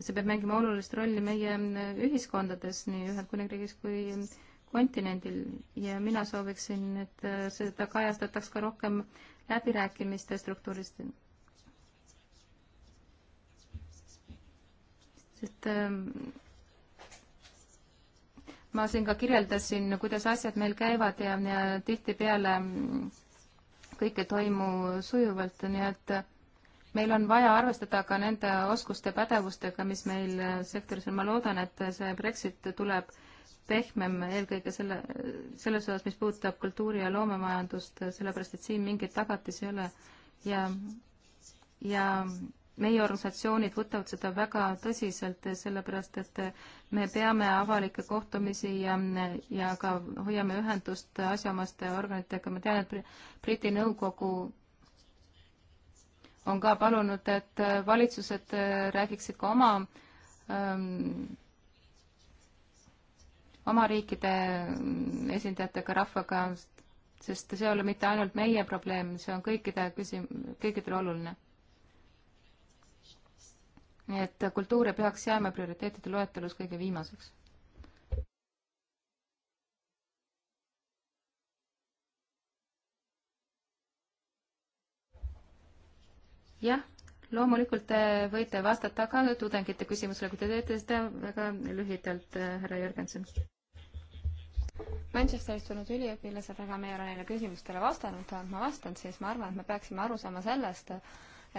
see peab mängima olulist rolli meie eh, ühiskondades nii Ühendkuningriigis kui kontinendil ja mina sooviksin, et eh, seda kajastataks ka rohkem läbirääkimiste struktuurist sest ma siin ka kirjeldasin, kuidas asjad meil käivad ja, ja tihtipeale kõik ei toimu sujuvalt, nii et meil on vaja arvestada ka nende oskuste, pädevustega, mis meil sektoris on. ma loodan, et see Brexit tuleb pehmem eelkõige selle, selles osas, mis puudutab kultuuri- ja loomemajandust, sellepärast et siin mingeid tagatisi ei ole ja, ja meie organisatsioonid võtavad seda väga tõsiselt, sellepärast et me peame avalikke kohtumisi ja, ja ka hoiame ühendust asjaomaste organitega, ma tean, et Briti Nõukogu on ka palunud, et valitsused räägiksid ka oma ähm, oma riikide esindajatega, rahvaga, sest see ei ole mitte ainult meie probleem, see on kõikide küsim-, kõikidele oluline nii et kultuur ei peaks jääma prioriteetide loetelus kõige viimaseks jah, loomulikult te võite vastata ka tudengite küsimusele, kui te teete seda väga lühidalt, härra Jürgenson. Manchesterist tulnud üliõpilased, aga me ei ole neile küsimustele vastanud, ma vastan siis, ma arvan, et me peaksime aru saama sellest,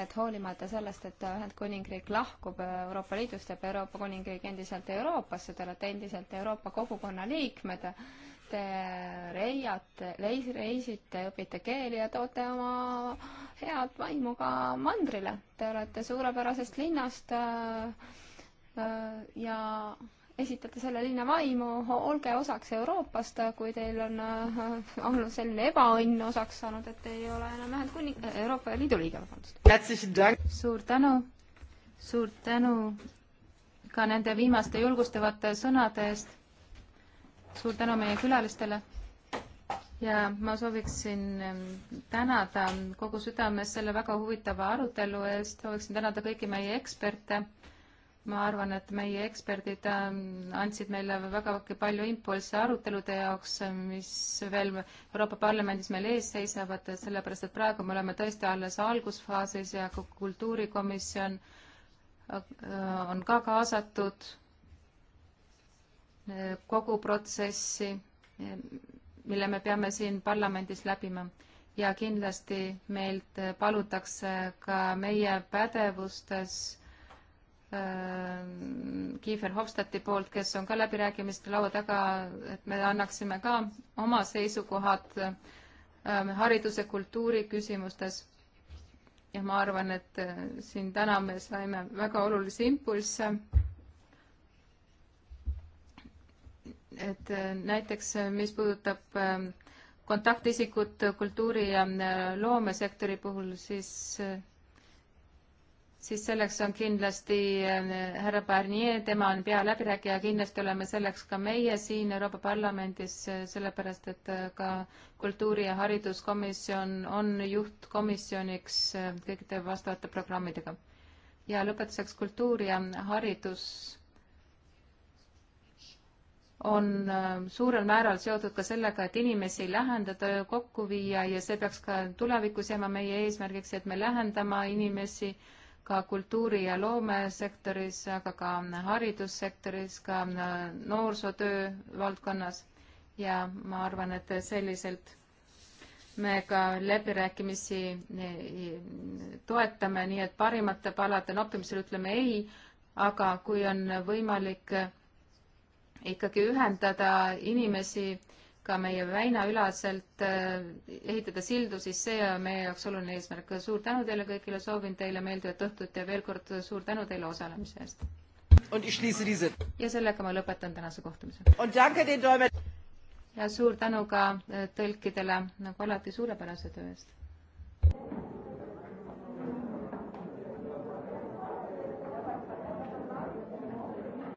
et hoolimata sellest, et Ühendkuningriik lahkub Euroopa Liidust, jääb Euroopa Kuningriik endiselt Euroopasse, te olete endiselt Euroopa kogukonna liikmed, te reiate, reis, reisite, õpite keeli ja toote oma head vaimu ka mandrile. Te olete suurepärasest linnast äh, äh, ja esitate selle linna vaimu, olge osaks Euroopast, kui teil on äh, olnud selline ebaõnn osaks saanud, et ei ole enam Ühendkuning-, Euroopa Liidu liige, vabandust. suur tänu, suur tänu ka nende viimaste julgustavate sõnade eest. suur tänu meie külalistele ja ma sooviksin ähm, tänada kogu südames selle väga huvitava arutelu eest, sooviksin tänada kõiki meie eksperte ma arvan, et meie eksperdid ähm, andsid meile väga palju impulsse arutelude jaoks, ähm, mis veel Euroopa Parlamendis meil ees seisavad, sellepärast et praegu me oleme tõesti alles algusfaasis ja ka kultuurikomisjon äh, on ka kaasatud äh, kogu protsessi, äh, mille me peame siin parlamendis läbima ja kindlasti meilt palutakse ka meie pädevustes Ehm, Kiefer Hofstadti poolt, kes on ka läbirääkimiste laua taga, et me annaksime ka oma seisukohad ehm, hariduse, kultuuri küsimustes. ja ma arvan, et eh, siin täna me saime väga olulisi impulsse. et eh, näiteks, eh, mis puudutab ehm, kontaktisikut kultuuri ja loomesektori puhul, siis siis selleks on kindlasti ähm, härra Barnier, tema on pealäbirääkija, kindlasti oleme selleks ka meie siin Euroopa Parlamendis, äh, sellepärast et äh, ka kultuuri- ja hariduskomisjon on juhtkomisjoniks äh, kõikide vastavate programmidega. ja lõpetuseks kultuur ja haridus on suurel määral seotud ka sellega, et inimesi lähendada ja kokku viia ja see peaks ka tulevikus jääma meie eesmärgiks, et me lähendame inimesi äh, ka kultuuri- ja loomesektoris, aga ka haridussektoris, ka äh, noorsootöö valdkonnas ja ma arvan, et selliselt me ka läbirääkimisi e, e, toetame, nii et parimate palade noppimisel ütleme ei, aga kui on võimalik ikkagi ühendada inimesi, ka meie väinaülaselt äh, ehitada sildu, siis see on meie jaoks oluline eesmärk. suur tänu teile kõigile, soovin teile meeldivat õhtut ja veel kord suur tänu teile osalemise eest. ja sellega ma lõpetan tänase kohtumise. ja suur tänu ka äh, tõlkidele, nagu alati, suurepärase töö eest.